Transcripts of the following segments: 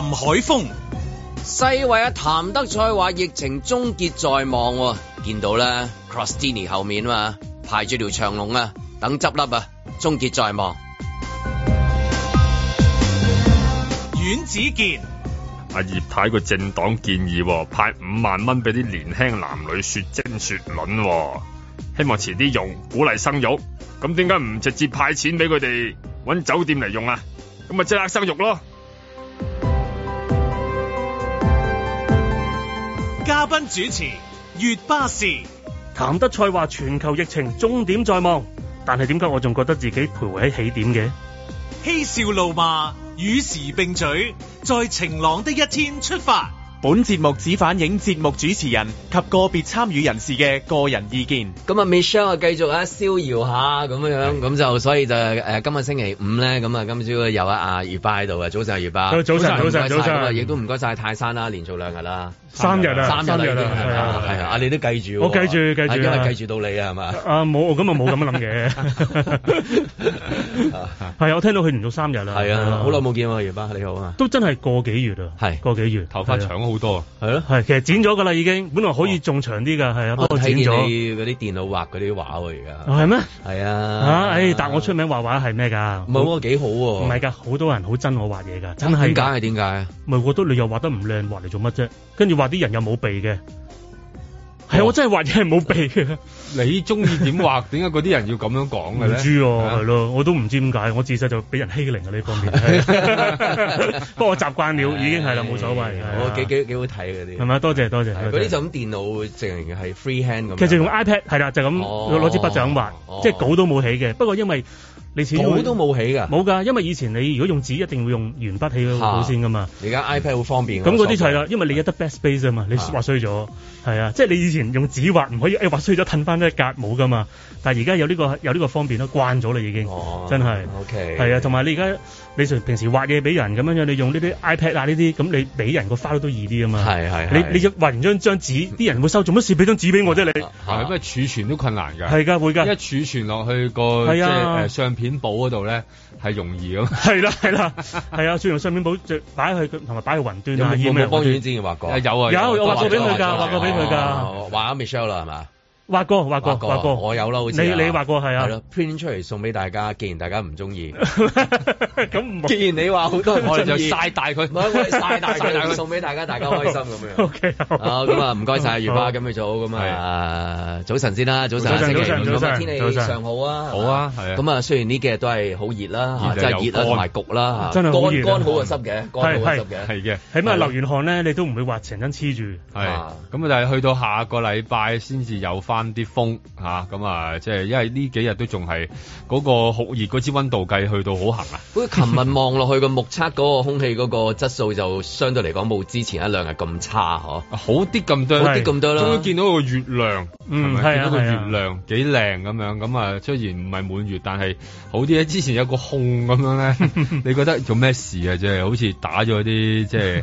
林海峰，世衛啊，譚德塞話疫情終結在望，喎，見到啦，Crossini 後面啊嘛，排住條長龍啊，等執笠啊，終結在望。阮子健，阿葉、啊、太個政黨建議派五萬蚊俾啲年輕男女雪精雪卵，喎，希望遲啲用鼓勵生育，咁點解唔直接派錢俾佢哋搵酒店嚟用啊？咁咪即刻生育咯。嘉賓主持，月巴士，譚德塞話全球疫情終點在望，但係點解我仲覺得自己徘徊喺起點嘅？嬉笑怒罵，與時並舉，在晴朗的一天出發。本節目只反映節目主持人及個別參與人士嘅個人意見。咁啊，Michelle 啊，繼續啊，逍遙下咁樣，咁就所以就誒，今日星期五咧，咁啊，今朝有阿月巴喺度啊，早晨，月巴，早晨，早晨，早晨，咁啊，亦都唔該晒泰山啦，連續兩日啦，三日啦，三日啦，係啊，啊，你都記住，我記住，記住，係因為記住到你啊，係嘛，啊冇，咁啊冇咁諗嘅，係我聽到佢連續三日啊，係啊，好耐冇見啊，月巴，你好啊，都真係個幾月啊，係個幾月，頭髮長。好多係啊，係其實剪咗噶啦，已經本來可以仲長啲噶，係啊剪咗。啲電腦畫啲畫而家係咩？係啊，唉，但我出名畫畫係咩噶？唔係喎，幾好喎，唔係噶，好多人好憎我畫嘢噶，真係點解？係點解？咪我覺得你又畫得唔靚，畫嚟做乜啫？跟住畫啲人又冇鼻嘅。係，我真係畫嘢冇避嘅。你中意點畫？點解嗰啲人要咁樣講嘅咧？唔知喎，係咯，我都唔知點解。我自細就俾人欺凌嘅呢方面。不過我習慣了，已經係啦，冇所謂。我幾幾幾好睇嗰啲。係咪？多謝多謝。嗰啲就咁電腦，直情係 freehand 咁。其實用 iPad 係啦，就咁攞攞支筆就咁畫，即係稿都冇起嘅。不過因為冇都冇起噶，冇噶，因為以前你如果用紙，一定會用鉛筆起個稿先噶嘛。而家 iPad 好方便啊。咁嗰啲就係啦，因為你有得 backspace 啊嘛，你畫衰咗，係啊，啊，即係你以前用紙畫唔可以了，誒畫衰咗褪翻一格冇噶嘛。但係而家有呢個有呢個方便都慣咗啦已經，真係。OK，係啊，同埋你而家。你平時畫嘢俾人咁樣樣，你用呢啲 iPad 啊呢啲，咁你俾人個 file 都易啲啊嘛。係係。你你畫完張張紙，啲人會收，做乜事俾張紙俾我啫？你係咩儲存都困難㗎。係㗎會㗎。一儲存落去個即係誒相片簿嗰度咧，係容易咁。係啦係啦，係啊！算用相片簿就擺去同埋擺去雲端啊，有冇幫遠志賢畫過？有啊有，我畫過俾佢㗎，畫過俾佢㗎。畫 Michelle 啦係嘛？畫哥，畫哥，畫哥，我有啦，好似你你畫過係啊，係咯，print 出嚟送俾大家。既然大家唔中意，咁既然你話好多唔中意，我就晒大佢，唔係，晒大晒大佢送俾大家，大家開心咁樣。OK，咁啊唔該晒，如花今日早咁啊，早晨先啦，早晨，早晨，早晨，早晨，天氣非常好啊，好啊，係啊。咁啊，雖然呢幾日都係好熱啦，就係熱同埋焗啦，吓，乾乾好過濕嘅，乾好過濕嘅，係嘅。起碼流完汗咧，你都唔會滑成身黐住。係咁啊，但係去到下個禮拜先至有翻。啲風吓咁啊，即係、啊、因為呢幾日都仲係嗰個好熱，嗰支溫度計去到好行啊！好似琴日望落去個目測嗰個空氣嗰個質素，就 相對嚟講冇之前一兩日咁差嗬，啊、好啲咁多，好啲咁多啦。終於見到嗰個月亮，嗯，係啊，見到個月亮，幾靚咁樣咁啊！雖然唔係滿月，但係好啲啊！之前有個空咁樣咧， 你覺得做咩事啊？即係好似打咗啲即係霧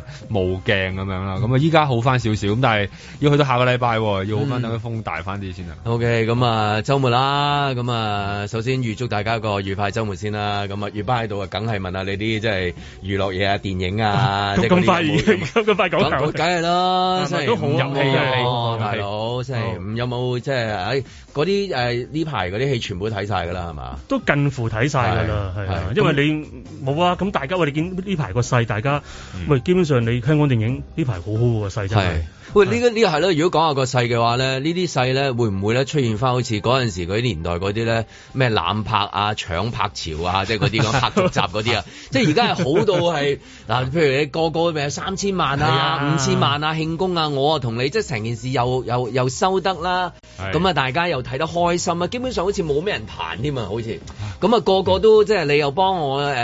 鏡咁樣啦。咁啊，依家好翻少少，咁但係要去到下個禮拜、啊、要好翻，等啲、嗯、風大翻啲。O K，咁啊，周末啦，咁啊，首先預祝大家個愉快週末先啦。咁啊，月巴喺度啊，梗係問下你啲即係娛樂嘢啊，電影啊，咁快，咁快講，梗係啦，星期五都好入戲嘅，大佬，星期五有冇即係喺嗰啲誒呢排嗰啲戲全部都睇晒㗎啦，係嘛？都近乎睇晒㗎啦，係啊，因為你冇啊，咁大家我哋見呢排個勢，大家喂，基本上你香港電影呢排好好個勢真係。喂，呢、這個呢、這個係咯，如果講下個勢嘅話咧，世呢啲勢咧會唔會咧出現翻好似嗰陣時嗰啲年代嗰啲咧咩濫拍啊、搶拍潮啊，即係嗰啲咁拍續集嗰啲啊？即係而家係好到係嗱，譬如你個個咪有三千萬啊、啊五千萬啊慶功啊，我啊同你即係成件事又又又收得啦，咁啊大家又睇得開心啊，基本上好似冇咩人彈添啊，好似咁啊個個都即係你又幫我誒誒誒誒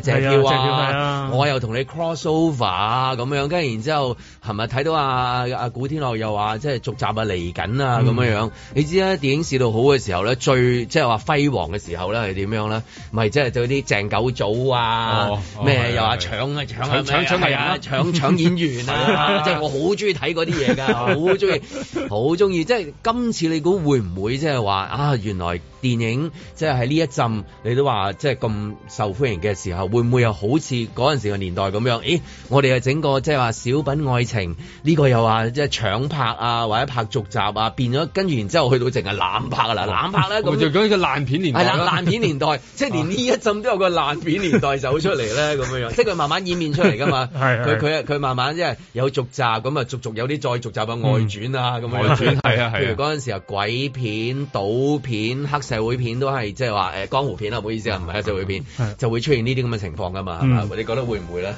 誒謝票啊，啊跳跳啊我又同你 cross over 啊咁樣，跟然之後係咪？是睇到阿、啊、阿古天樂又話，即係續集啊嚟緊啊咁樣、嗯、樣。你知啦、啊，電影市道好嘅時候咧，最即係話輝煌嘅時候咧係點樣咧？唔係即係對啲鄭九祖啊，咩又話說搶啊搶啊搶搶人、搶的的搶，搶演員啊！的 即係我好中意睇嗰啲嘢噶，好中意好中意。即係今次你估會唔會即係話啊？原來電影即係喺呢一陣你都話即係咁受歡迎嘅時候，會唔會又好似嗰陣時嘅年代咁樣？咦，我哋係整個即係話小品愛情。呢個又話即係搶拍啊，或者拍續集啊，變咗跟住然之後去到淨係濫拍啊，嗱濫拍咧咁就講呢、嗯、個爛片年代，係啦爛片年代， 即係連呢一浸都有個爛片年代走出嚟咧，咁樣樣即係佢慢慢演變出嚟噶嘛，佢佢 是慢慢即係有續集咁啊，就續續有啲再續集外轉啊外傳啊咁樣、嗯，外傳係啊係譬如嗰陣、啊啊、時啊鬼片、賭片、黑社會片都係即係話誒江湖片啊，唔好意思啊唔係黑社會片，就會出現呢啲咁嘅情況噶嘛，係、嗯、你覺得會唔會咧？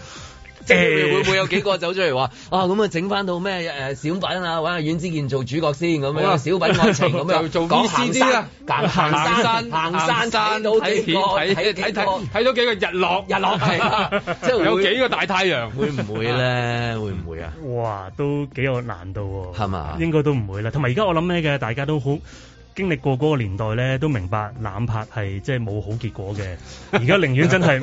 誒會唔會有幾個走出嚟話啊？咁啊整翻套咩誒小品啊？揾阿阮之健做主角先咁樣小品愛情咁樣講啲啊。行山山，行山山好睇睇睇到幾個日落日落係啊！即係有幾個大太陽會唔會咧？會唔會啊？哇！都幾有難度喎，係嘛？應該都唔會啦。同埋而家我諗咩嘅，大家都好。經歷過嗰個年代咧，都明白濫拍係即係冇好結果嘅。而家寧願真係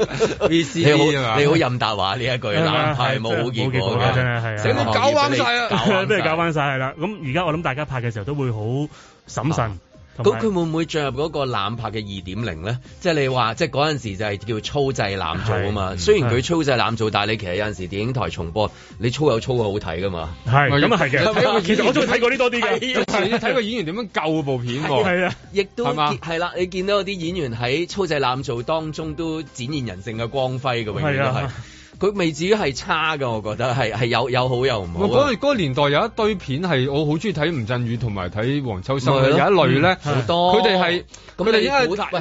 C 你好任達華呢一句啦，係冇吧好結果嘅，真係係啊！整個你搞返曬啊！俾人 搞歪曬係啦。咁而家我諗大家拍嘅時候都會好審慎。啊咁佢會唔會進入嗰個攬拍嘅二點零咧？即係你話，即係嗰陣時就係叫粗製濫造啊嘛。雖然佢粗製濫造，但係你其實有陣時電影台重播，你粗有粗好睇噶嘛。係咁啊，係嘅。其實我中意睇過呢多啲嘅。睇個演員點樣救部片。係啊，亦都係啦，你見到有啲演員喺粗製濫造當中都展現人性嘅光輝嘅，永遠都係。佢未至於係差㗎，我覺得係係有有好有唔好。嗰個嗰個嗰年代有一堆片係我好中意睇，吳鎮宇同埋睇黃秋生有一類咧好多。佢哋係佢哋應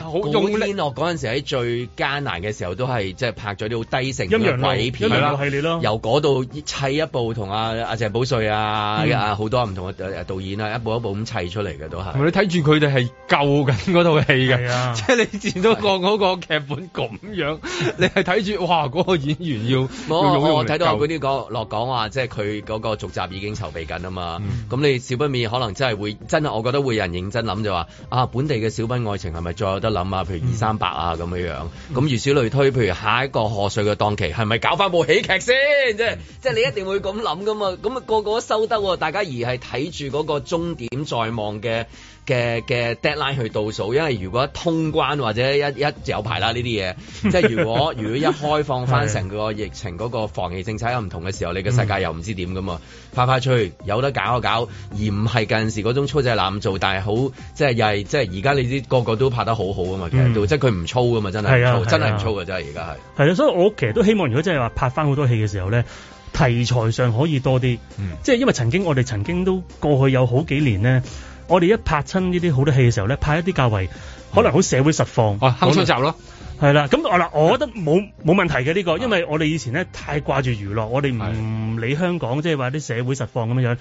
好用古天樂嗰陣時喺最艱難嘅時候都係即係拍咗啲好低成嘅鬼片係啦系列咯，由嗰度砌一部同阿阿謝寶瑞啊好多唔同嘅導演啊，一部一部咁砌出嚟嘅都係。你睇住佢哋係救緊嗰套戲嘅，即係你見到個嗰個劇本咁樣，你係睇住哇嗰個演員。冇、哦哦，我睇到阿嗰啲講落講話，即係佢嗰個續集已經籌備緊啊嘛。咁、嗯、你少不免可能真係會，真係我覺得會有人認真諗就話，啊，本地嘅小品愛情係咪再有得諗啊？譬如二三百啊咁樣，嗯、樣。咁，如此類推，譬如下一個賀歲嘅檔期，係咪搞翻部喜劇先？嗯、即係即係你一定會咁諗噶嘛。咁、那個個都收得，大家而係睇住嗰個終點在望嘅。嘅嘅 deadline 去倒數，因為如果通關或者一一就有排啦呢啲嘢， 即係如果如果一開放翻成個疫情嗰 的個防疫政策有唔同嘅時候，你嘅世界又唔知點㗎嘛。快快脆有得搞一搞，而唔係近時嗰種粗製濫造。但係好即係又係即係而家你啲個個都拍得好好啊嘛，其實都、嗯、即係佢唔粗㗎嘛，真係真係唔粗㗎。真係而家係係啊，所以我其實都希望如果真係話拍翻好多戲嘅時候咧，題材上可以多啲，嗯、即係因為曾經我哋曾經都過去有好幾年咧。我哋一拍親呢啲好多戲嘅時候咧，拍一啲較為可能好社會實況，坑衰集咯，係啦。咁啊嗱，我覺得冇冇問題嘅呢個，因為我哋以前咧太掛住娛樂，我哋唔理香港，即係話啲社會實況咁樣樣。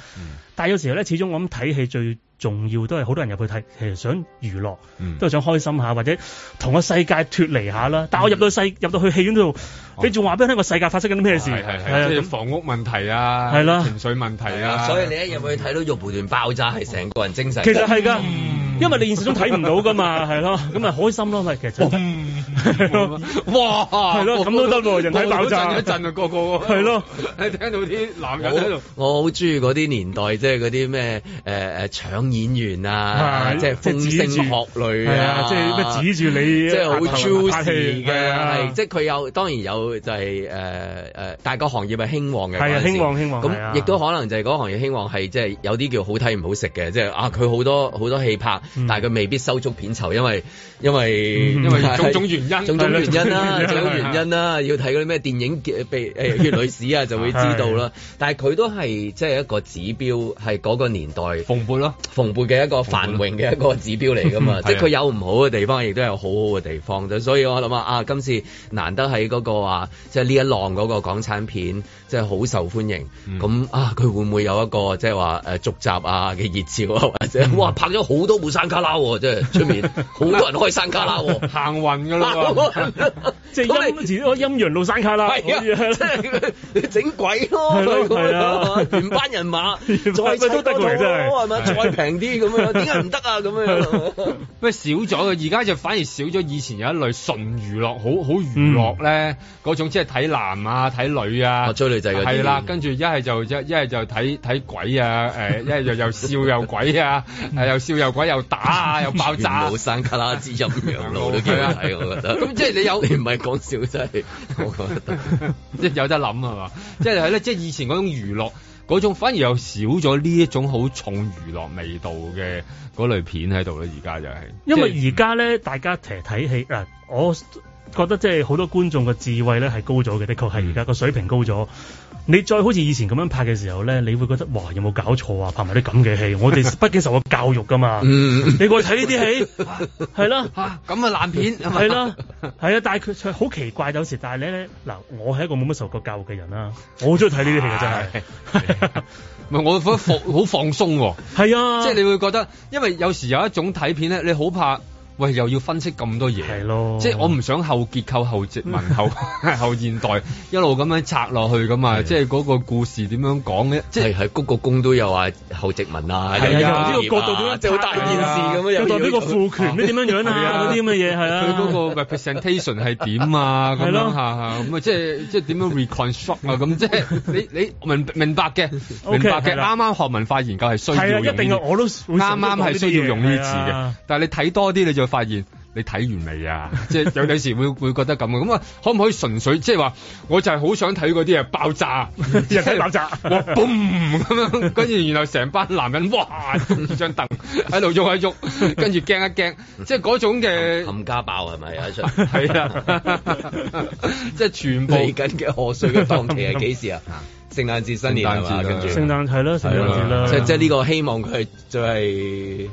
但係有時候咧，始終我諗睇戲最重要都係好多人入去睇，其實想娛樂，都係想開心下或者同個世界脱離下啦。但係我入到去世，入到去戲院度。你仲話俾人聽個世界發生緊啲咩事？係係房屋問題啊，係啦，情緒問題啊。所以你一入去睇到肉蒲團爆炸，係成個人精神。其實係噶，因為你現實中睇唔到噶嘛，係咯。咁咪開心咯，咪其實。哇。係咯，咁都得喎，人體爆炸。一震啊，個個。係咯。你聽到啲男人喺度。我好中意嗰啲年代，即係嗰啲咩誒誒搶演員啊，即係風聲學類啊，即係指住你。即係好 juicy 嘅，即係佢有，當然有。就係誒誒，大、呃、個行業係興旺嘅，係啊，興旺興旺咁，亦都可能就係嗰個行業興旺係即係有啲叫好睇唔好食嘅，即、就、係、是、啊佢好多好多戲拍，但係佢未必收足片酬，因為因為因為種種原因，種種原因啦、啊，種種原因啦、啊，要睇嗰啲咩電影嘅誒誒葉女史啊，就會知道啦。但係佢都係即係一個指標，係嗰個年代蓬勃咯，蓬勃嘅一個繁榮嘅一個指標嚟㗎嘛。即係佢有唔好嘅地方，亦都有好好嘅地方。所以我諗啊，啊今次難得喺嗰、那個。話即係呢一浪嗰個港產片，即係好受歡迎。咁啊，佢會唔會有一個即係話誒續集啊嘅熱潮？或者哇，拍咗好多部山卡拉，即係出面好多人開山卡拉，行運噶啦，即係陰前陰陽路山卡拉，即係整鬼咯，全班人馬再差都得，真係係嘛，再平啲咁樣，點解唔得啊？咁樣咩少咗啊？而家就反而少咗以前有一類純娛樂，好好娛樂咧。嗰種即係睇男啊，睇女啊，追、啊、女仔嘅係啦，跟住一係就一一係就睇睇鬼啊，誒一係就又笑又鬼啊， 又笑又鬼又打啊，又爆炸、啊，冇生卡拉滋音樣路 我都幾好睇，我覺得。咁 即係你有，唔係講笑真係，我覺得即係 有得諗係嘛，即係係咧，即係以前嗰種娛樂嗰種，反而又少咗呢一種好重娛樂味道嘅嗰類片喺度咧，而家就係、是。因為而家咧，是大家成日睇戲嗱，我覺得即係好多觀眾嘅智慧咧係高咗嘅，的確係而家個水平高咗。你再好似以前咁樣拍嘅時候咧，你會覺得哇，有冇搞錯啊？拍埋啲咁嘅戲，我哋畢竟受過教育噶嘛。你過去睇呢啲戲，係啦咁嘅爛片係啦，係啊。但係佢好奇怪有時，但係呢，嗱，我係一個冇乜受過教育嘅人啦，我好中意睇呢啲戲嘅真係。唔係我覺得好放鬆喎，係啊，即係你會覺得，因為有時有一種睇片咧，你好怕。喂，又要分析咁多嘢，係咯，即係我唔想後結構、後殖民、後後現代一路咁樣拆落去噶嘛，即係嗰個故事點樣講咧？即係喺谷個宮都有話後殖民啊，係呢個角度都啊，即係好大件事咁樣又代表呢個賦權呢點樣樣啊，嗰啲咁嘅嘢係啊，佢嗰個 representation 係點啊？咁樣咁啊，即係即係點樣 reconstruct 啊？咁即係你你明明白嘅，明白嘅，啱啱學文化研究係需要，係一定嘅，我都啱啱係需要用呢啲字嘅，但係你睇多啲你就。發現你睇完未啊？即係有有陣時會會覺得咁嘅，咁啊可唔可以純粹即係話，我就係好想睇嗰啲啊爆炸，即係爆炸，哇嘣咁樣，跟住然後成班男人哇，張凳喺度喐喐，跟住驚一驚，即係嗰種嘅冚家爆係咪啊？係啊，即係全部緊嘅賀歲嘅檔期係幾時啊？聖誕節、新年係嘛？跟住聖誕係咯，聖誕節啦，即係即係呢個希望佢就係。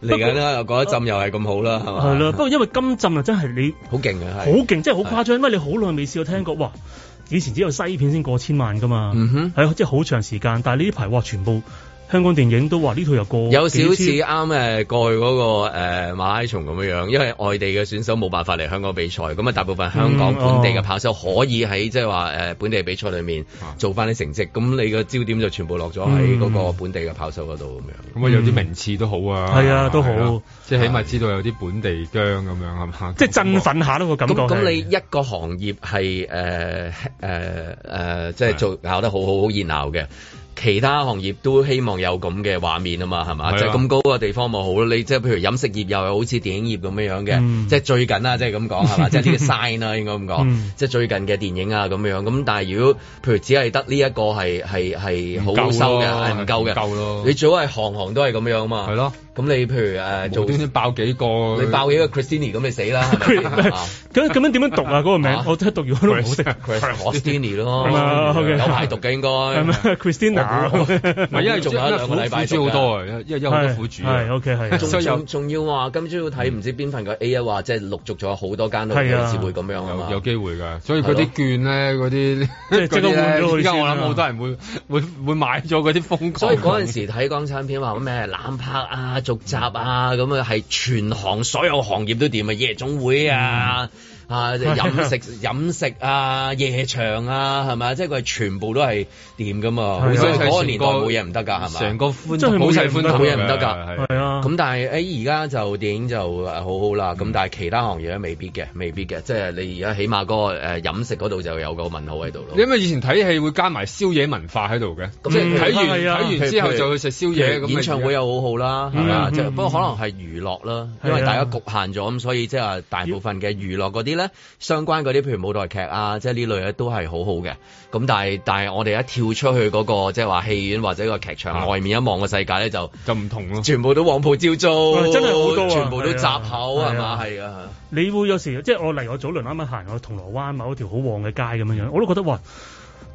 嚟緊啦，又講一浸，又係咁好啦，係嘛吧？係啦，不過因為今浸啊真係你好勁嘅，好勁，的真係好誇張。是的 因為你好耐未試過聽過，是的 哇！以前只有西片先過千萬噶嘛，嗯哼，係啊，即係好長時間。但係呢排哇全部。香港電影都話呢套又過有少少似啱誒過去嗰、那個、呃、馬拉松咁樣，因為外地嘅選手冇辦法嚟香港比賽，咁啊大部分香港本地嘅跑手可以喺、嗯哦、即係話本地比賽裏面做翻啲成績，咁你個焦點就全部落咗喺嗰個本地嘅跑手嗰度咁樣，咁啊、嗯、有啲名次都好啊，係、嗯、啊都好，即係、啊就是、起碼知道有啲本地將咁樣係嘛，即係振奮下都個感覺。咁你一個行業係、呃呃呃、即係做搞的得好好好熱鬧嘅。其他行業都希望有咁嘅畫面是啊嘛，係嘛？就咁高嘅地方咪好咯。你即係譬如飲食業又係好似電影業咁樣嘅，嗯、即係最近啦、啊，就是、 即係咁講係嘛？即係呢個 sign 啦，應該咁講。即係最近嘅電影啊咁樣。咁、嗯、但係如果譬如只係得呢一個係係係好收嘅，係唔夠嘅。夠咯。夠你最好係行行都係咁樣啊嘛。係咯。咁你譬如誒做啲先爆幾個，你爆幾個 Christina 咁你死啦！咁咁樣點樣讀啊？嗰個名我真係讀完我都唔識 Christina 咯，有排讀嘅應該 Christina。唔因為仲有兩個禮拜先好多，因為有好多苦主仲要話今朝要睇唔知邊份個 A 啊，話即係陸續咗好多間都開始會咁樣有機會㗎，所以嗰啲券呢，嗰啲即係嗰啲咧，而家我諗好多人會會會買咗嗰啲瘋狂，所以嗰陣時睇港產片話咩冷拍啊！續集啊，咁啊，係全行所有行業都掂啊，夜總會啊。啊！飲食飲食啊，夜場啊，係咪？即係佢全部都係掂㗎嘛。嗰個年代冇嘢唔得㗎，係咪？成個寬，真係冇曬度，冇嘢唔得㗎。係啊。咁但係誒，而家就電影就好好啦。咁但係其他行業都未必嘅，未必嘅。即係你而家起碼個誒飲食嗰度就有個問號喺度咯。因為以前睇戲會加埋宵夜文化喺度嘅，即係睇完睇完之後就去食宵夜。演唱會又好好啦，係啊。不過可能係娛樂啦，因為大家局限咗咁，所以即係大部分嘅娛樂嗰啲。咧相關嗰啲，譬如舞台劇啊，即係呢類咧都係好好嘅。咁但係但係我哋一跳出去嗰、那個即係話戲院或者個劇場外面一望嘅世界咧，就就唔同咯。全部都旺鋪招租，真係好多、啊、全部都閘口係嘛，係啊。啊啊啊你會有時即係我嚟我早輪啱啱行過銅鑼灣某一條好旺嘅街咁樣樣，我都覺得哇。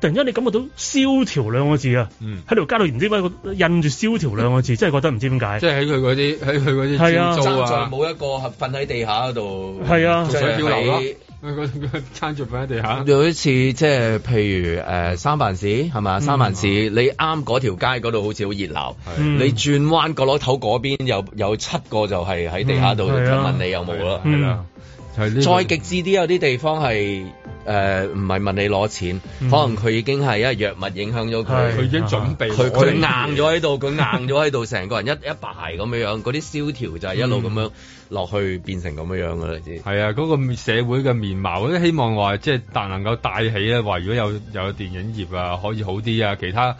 突然間你感覺到蕭條兩個字啊，喺條街度唔知乜印住蕭條兩個字，真係覺得唔知點解。即係喺佢嗰啲喺佢嗰啲租啊，餐冇一個瞓喺地下嗰度。係啊，就喺吊樓咯，嗰嗰餐桌瞓喺地下。有一次即係譬如誒三藩市係咪，三藩市你啱嗰條街嗰度好似好熱鬧，你轉彎角落頭嗰邊有有七個就係喺地下度問你有冇啊。這個、再極致啲，有啲地方係誒，呃、唔係問你攞錢，嗯、可能佢已經係因為藥物影響咗佢，佢是已經準備，佢佢它硬咗喺度，佢的硬咗喺度，成的個人一一排咁樣，嗰啲蕭條就係一路咁樣落去、嗯、變成咁樣樣噶啦，知係啊！嗰、那個社會嘅面貌，我都希望話即係但能夠帶起呢話如果有有電影業啊可以好啲啊，其他。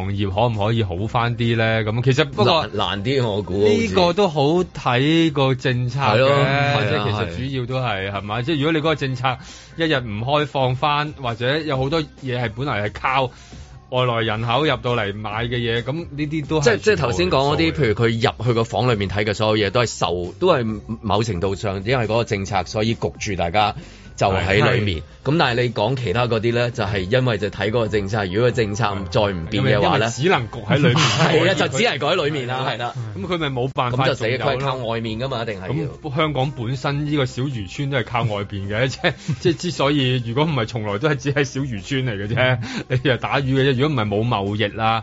行業可唔可以好翻啲咧？咁其實不過難啲，我估呢個都好睇個政策係咯。或者其實主要都係係咪？即係如果你嗰個政策一日唔開放翻，或者有好多嘢係本來係靠外來人口入到嚟買嘅嘢，咁呢啲都係即係即係頭先講嗰啲，譬如佢入去個房裏面睇嘅所有嘢，都係受都係某程度上，因為嗰個政策，所以焗住大家。就喺裏面，咁但係你講其他嗰啲咧，就係、是、因為就睇嗰個政策。如果個政策再唔變嘅話咧，只能焗喺裏面。係啊，就只係改喺裏面啦。係啦對，咁佢咪冇辦法咁咯。咁就死靠外面噶嘛，一定係。咁香港本身呢個小漁村都係靠外邊嘅啫，即即係之所以如是是，如果唔係從來都係只係小漁村嚟嘅啫，你又打魚嘅啫。如果唔係冇貿易啦。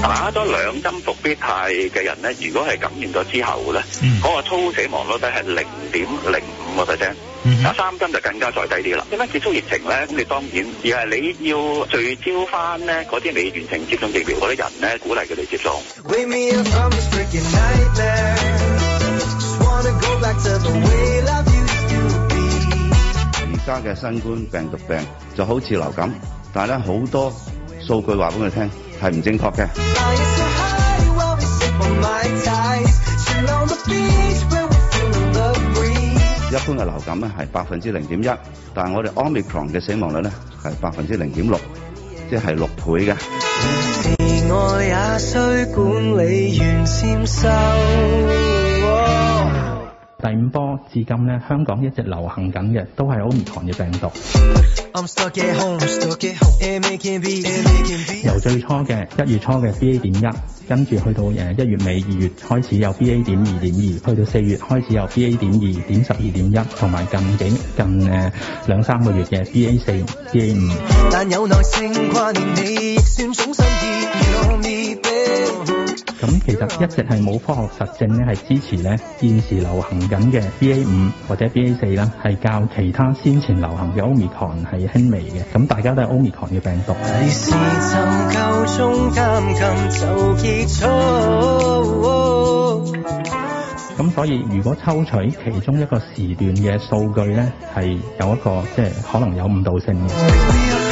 打咗兩針復必泰嘅人咧，如果係感染咗之後咧，嗰、嗯、個粗死亡率低係零點零五個 percent，打三針就更加再低啲啦。點樣結束疫情咧？咁你當然而係你要聚焦翻咧，嗰啲未完成接種疫苗嗰啲人咧，鼓勵佢哋接種。而家嘅新冠病毒病就好似流感，但係咧好多數據話俾佢聽。係唔正確嘅。一般嘅流感咧係百分之零點一，但係我哋 Omicron 嘅死亡率咧係百分之零點六，即係六倍嘅。第五波至今咧，香港一直流行緊嘅都係奧密克戎嘅病毒。由最初嘅一月初嘅 BA. 點一，跟住去到誒一月尾二月開始有 BA. 點二點二，去到四月開始有 BA. 點二點十二點一，同埋近幾近誒兩三個月嘅 BA. 四、BA. 五。亦算總咁其實一直係冇科學實證咧，係支持咧現時流行緊嘅 BA 五或者 BA 四啦，係較其他先前流行嘅 Omicron 係輕微嘅。咁大家都係 Omicron 嘅病毒。咁是所以如果抽取其中一個時段嘅數據咧，係有一個即係、就是、可能有誤導性嘅。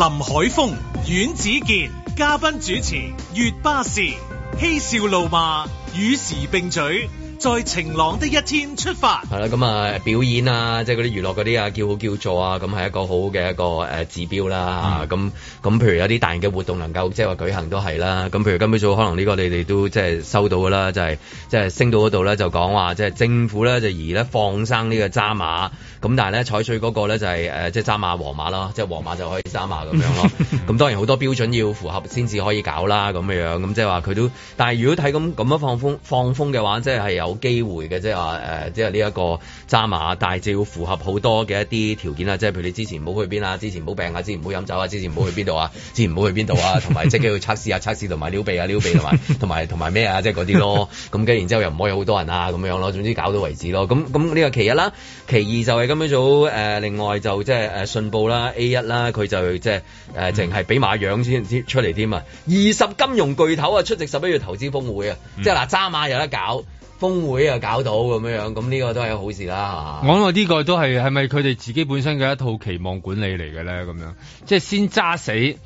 林海峰、阮子健嘉賓主持，月巴士嬉笑怒罵，與時並舉，在晴朗的一天出發。係啦、嗯，咁啊表演啊，即係嗰啲娛樂嗰啲啊，叫好叫座啊，咁係一個好嘅一個誒指標啦。吓咁咁，譬如有啲大型嘅活動能夠即係話舉行都係啦。咁譬如今朝早可能呢個你哋都即係收到噶啦，就係即係升到嗰度咧，就講話即係政府咧就而咧放生呢個渣馬。咁但係咧，採取嗰個咧就係、是、誒、呃，即係揸馬皇馬啦，即係皇馬就可以揸馬咁樣咯。咁當然好多標準要符合先至可以搞啦，咁嘅樣咁即係話佢都。但係如果睇咁咁樣放風放風嘅話，即係係有機會嘅，即係話誒，即係呢一個揸馬，但係要符合好多嘅一啲條件啦。即係譬如你之前唔好去邊啊，之前唔好病啊，之前唔好飲酒啊，之前唔好去邊度啊，之前唔好去邊度啊，同埋即係要測試下、啊、測試同埋撩鼻啊撩鼻同埋同埋同埋咩啊，即係嗰啲咯。咁跟然之後又唔可以好多人啊咁樣咯，總之搞到為止咯。咁咁呢個其一啦，其二就係、是。咁日早誒、呃，另外就即係誒信報啦、A 一啦，佢就即係誒，淨係俾馬樣先出嚟添啊！二十金融巨頭啊，出席十一月投資峰會啊，嗯、即係嗱揸馬有得搞，峰會又搞到咁樣樣，咁呢個都係好事啦嚇。我諗啊，呢個都係係咪佢哋自己本身嘅一套期望管理嚟嘅咧？咁樣即係先揸死。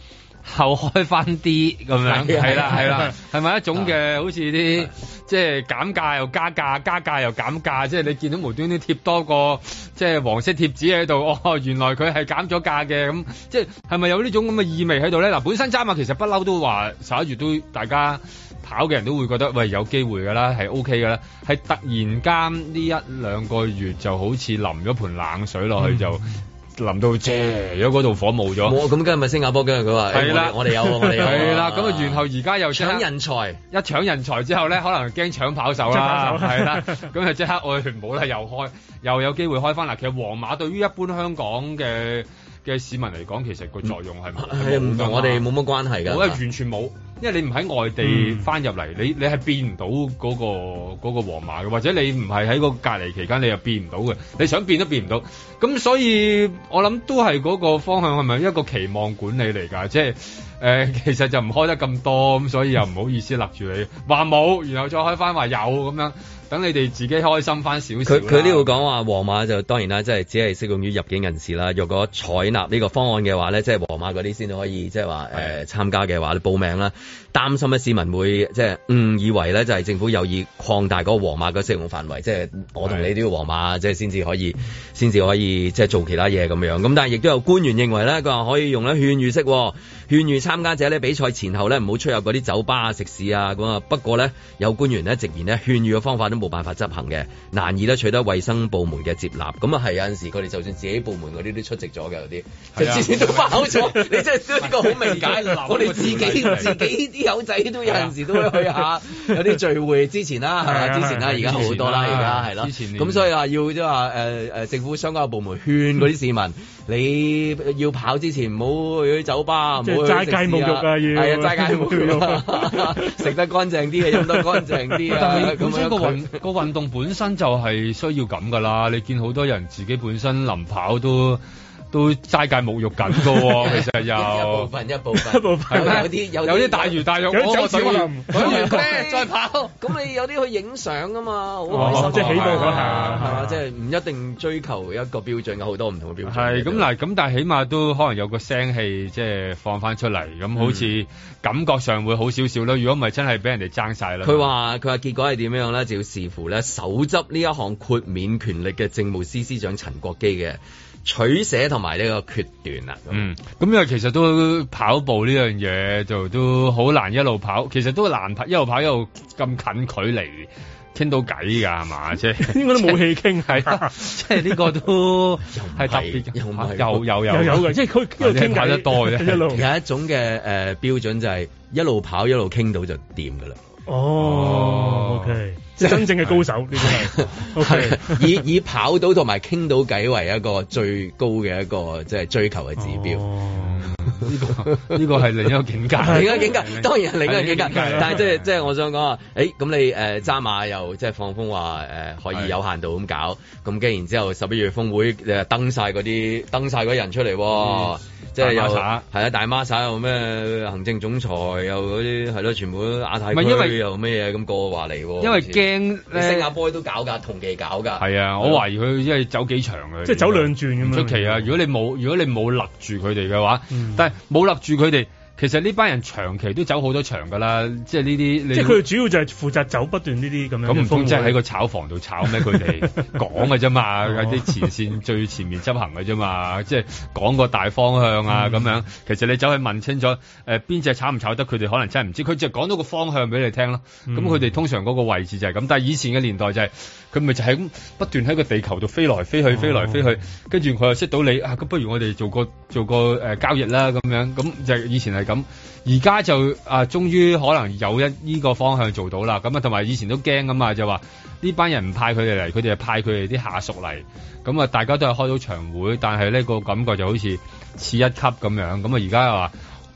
後開翻啲咁樣，係啦係啦，係咪一種嘅？好似啲即係減價又加價，加價又減價，即係你見到無端端貼多個即係黃色貼紙喺度，哦，原來佢係減咗價嘅，咁即係咪有呢種咁嘅意味喺度咧？嗱，本身渣馬其實不嬲都話十一月都大家跑嘅人都會覺得喂有機會噶啦，係 O K 噶啦，係突然間呢一兩個月就好似淋咗盆冷水落去就。嗯淋到遮，如果嗰度火冇咗，咁梗係咪新加坡梗係佢話？係對啦，啦，我哋有，我哋係啦。咁啊，然後而家又搶人才，一搶人才之後咧，可能驚搶跑手，搶跑手啦，係啦。咁就即刻我唔好啦，又開，又有機會開翻啦。其實皇馬對於一般香港嘅嘅市民嚟講，其實個作用係唔同我哋冇乜關係嘅。我係完全冇。因為你唔喺外地翻入嚟，你你係變唔到嗰個嗰個皇馬嘅，或者你唔係喺個隔離期間，你又變唔到嘅。你想變都變唔到。咁所以我諗都係嗰個方向係咪一個期望管理嚟㗎？即係誒，其實就唔開得咁多，咁所以又唔好意思立住你話冇，然後再開翻話有咁樣。等你哋自己開心翻少少。佢佢呢度講話皇馬就當然啦，即係只係適用於入境人士啦。若果採納呢個方案嘅話咧，即係皇馬嗰啲先可以即係話誒參加嘅話，你報名啦。擔心市民會即係誤、嗯、以為咧就係、是、政府有意擴大嗰個皇馬嘅適用範圍，即係我同你都要皇馬的即係先至可以先至可以即係做其他嘢咁樣。咁但係亦都有官員認為咧，佢話可以用咧勸喻式，勸喻參加者咧比賽前後咧唔好出入嗰啲酒吧食肆啊。咁啊，不過呢，有官員呢直言咧勸喻嘅方法都。冇辦法執行嘅，難以咧取得衛生部門嘅接納。咁啊係有陣時，佢哋就算自己部門嗰啲都出席咗嘅嗰啲，就之前都爆咗。你真係都呢個好明解。我哋自己自己啲友仔都有陣時都會去下，有啲聚會之前啦，係嘛？之前啦，而家好多啦，而家係啦。咁所以話要即係話誒誒政府相關嘅部門勸嗰啲市民。你要跑之前唔好去啲酒吧，唔好食啲啊，係啊，齋雞冇肉，食、啊、 得乾淨啲，飲 得乾淨啲。但係本身個運個 運動本身就係需要咁㗎啦，你見好多人自己本身臨跑都。都齋戒沐浴緊噶，其實又一部分一部分，有啲有啲大魚大肉，我我屬於再跑。咁你有啲去影相噶嘛？好即係起舞嗰下，即係唔一定追求一個標準嘅好多唔同嘅標準。係咁嗱，咁但係起碼都可能有個聲氣，即係放翻出嚟。咁好似感覺上會好少少咯。如果唔係真係俾人哋爭晒啦。佢話：佢話結果係點樣樣咧？就要視乎咧，手執呢一項豁免權力嘅政務司司長陳國基嘅。取捨同埋呢個決斷啊！嗯，咁因為其實都跑步呢樣嘢就都好難一路跑，其實都難跑，一路跑一路咁近距離傾到偈㗎係嘛？即係應該都冇氣傾，係，即係呢個都係特別有又有又嘅，即係佢佢傾偈。一路有一種嘅誒標準，就係一路跑一路傾到就掂㗎啦。哦，OK，即係真正嘅高手呢個係，OK，以以跑到同埋傾到偈為一個最高嘅一個即係追求嘅指標。呢個呢個係另一個境界，另一個境界當然係另一個境界，但係即係即係我想講啊，誒咁你誒揸馬又即係放風話誒可以有限度咁搞，咁跟然之後十一月峯會誒登晒嗰啲登晒嗰人出嚟喎。即係有，係啊！大孖沙又咩行政總裁又嗰啲係咯，全部都亞太區佢又咩嘢咁過話嚟喎？因為驚你新加坡都搞㗎，同期搞㗎。係啊，我懷疑佢因為走幾長啊，即係走兩轉咁樣。出奇啊！如果你冇，如果你冇立住佢哋嘅話，嗯、但係冇立住佢哋。其實呢班人長期都走好多場噶啦，即係呢啲，即係佢主要就係負責走不斷呢啲咁樣。咁唔通即係喺個炒房度炒咩？佢哋 講嘅啫嘛， 有啲前線最前面執行嘅啫嘛，即係講個大方向啊咁、嗯、樣。其實你走去問清楚，誒、呃、邊隻炒唔炒得？佢哋可能真係唔知，佢就講到個方向俾你聽咯。咁佢哋通常嗰個位置就係咁。但係以前嘅年代就係佢咪就咁不斷喺個地球度飛來飛去，飛來飛去，跟住佢又識到你啊！咁不如我哋做個做個誒、呃、交易啦咁樣。咁就以前係。咁而家就啊，終於可能有一呢個方向做到啦。咁啊，同埋以前都驚咁嘛，就話呢班人唔派佢哋嚟，佢哋啊派佢哋啲下屬嚟。咁、嗯、啊，大家都係開咗場會，但係呢、呢個感覺就好似次一級咁樣。咁、嗯、啊，而家又話。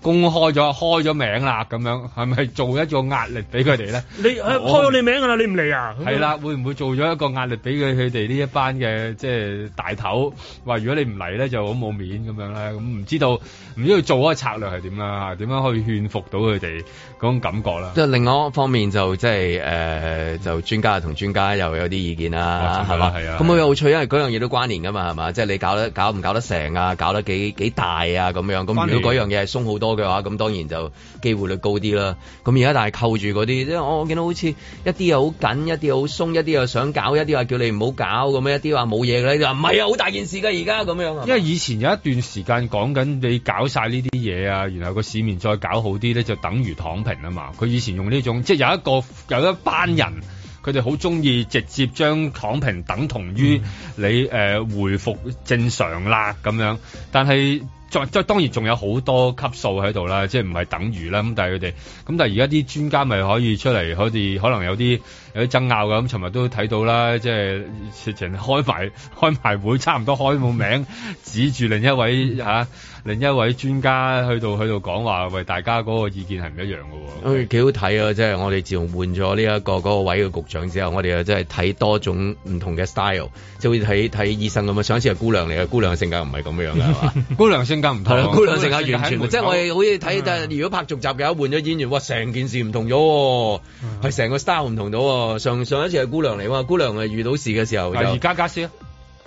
公開咗，開咗名啦，咁樣係咪做一做壓力俾佢哋咧？你係開咗你名噶啦，你唔嚟啊？係啦，會唔會做咗一個壓力俾佢佢哋呢一班嘅即係大頭？話如果你唔嚟咧，就好冇面咁樣咧。咁唔知道，唔知佢做嗰個策略係點啦？嚇點樣可以勸服到佢哋嗰種感覺咧？即係另外一方面就即係誒，就專家同專家又有啲意見啦，係嘛係啊？咁好有趣，因為嗰樣嘢都關聯噶嘛，係嘛？即係、啊、你搞得搞唔搞得成啊？搞得幾幾大啊？咁樣咁來如果嗰樣嘢係鬆好多。嘅話，咁當然就機會率高啲啦。咁而家但係扣住嗰啲，即係我見到好似一啲又好緊，一啲又好鬆，一啲又想搞，一啲話叫你唔好搞咁樣，一啲話冇嘢咧就唔係啊，好大件事嘅而家咁樣。因為以前有一段時間講緊你搞晒呢啲嘢啊，然後個市面再搞好啲咧，就等於躺平啊嘛。佢以前用呢種即係有一個有一班人，佢哋好中意直接將躺平等同於你誒、嗯呃、回復正常啦咁樣，但係，再即係當然仲有好多級數喺度啦，即係唔係等於啦咁，但係佢哋咁，但係而家啲專家咪可以出嚟，好似可能有啲有啲爭拗㗎咁。尋、嗯、日都睇到啦，即係直情開埋開埋會，差唔多開冇名，指住另一位嚇。啊另一位專家去到去到講話，喂，大家嗰個意見係唔一樣嘅喎、哦。幾、嗯、好睇啊！即、就、係、是、我哋自從換咗呢一個嗰、那個位嘅局長之後，我哋又真係睇多種唔同嘅 style，即係好似睇睇醫生咁啊！上一次係姑娘嚟嘅，姑娘性格唔係咁樣嘅係嘛？姑娘性格唔同，係 姑娘性格完全。即係我哋好似睇，但係、嗯、如果拍續集嘅話，換咗演員，哇，成件事唔同咗、哦，係成、嗯、個 style 唔同咗、哦。上上一次係姑娘嚟，哇，姑娘係遇到事嘅時候就而家加少、啊。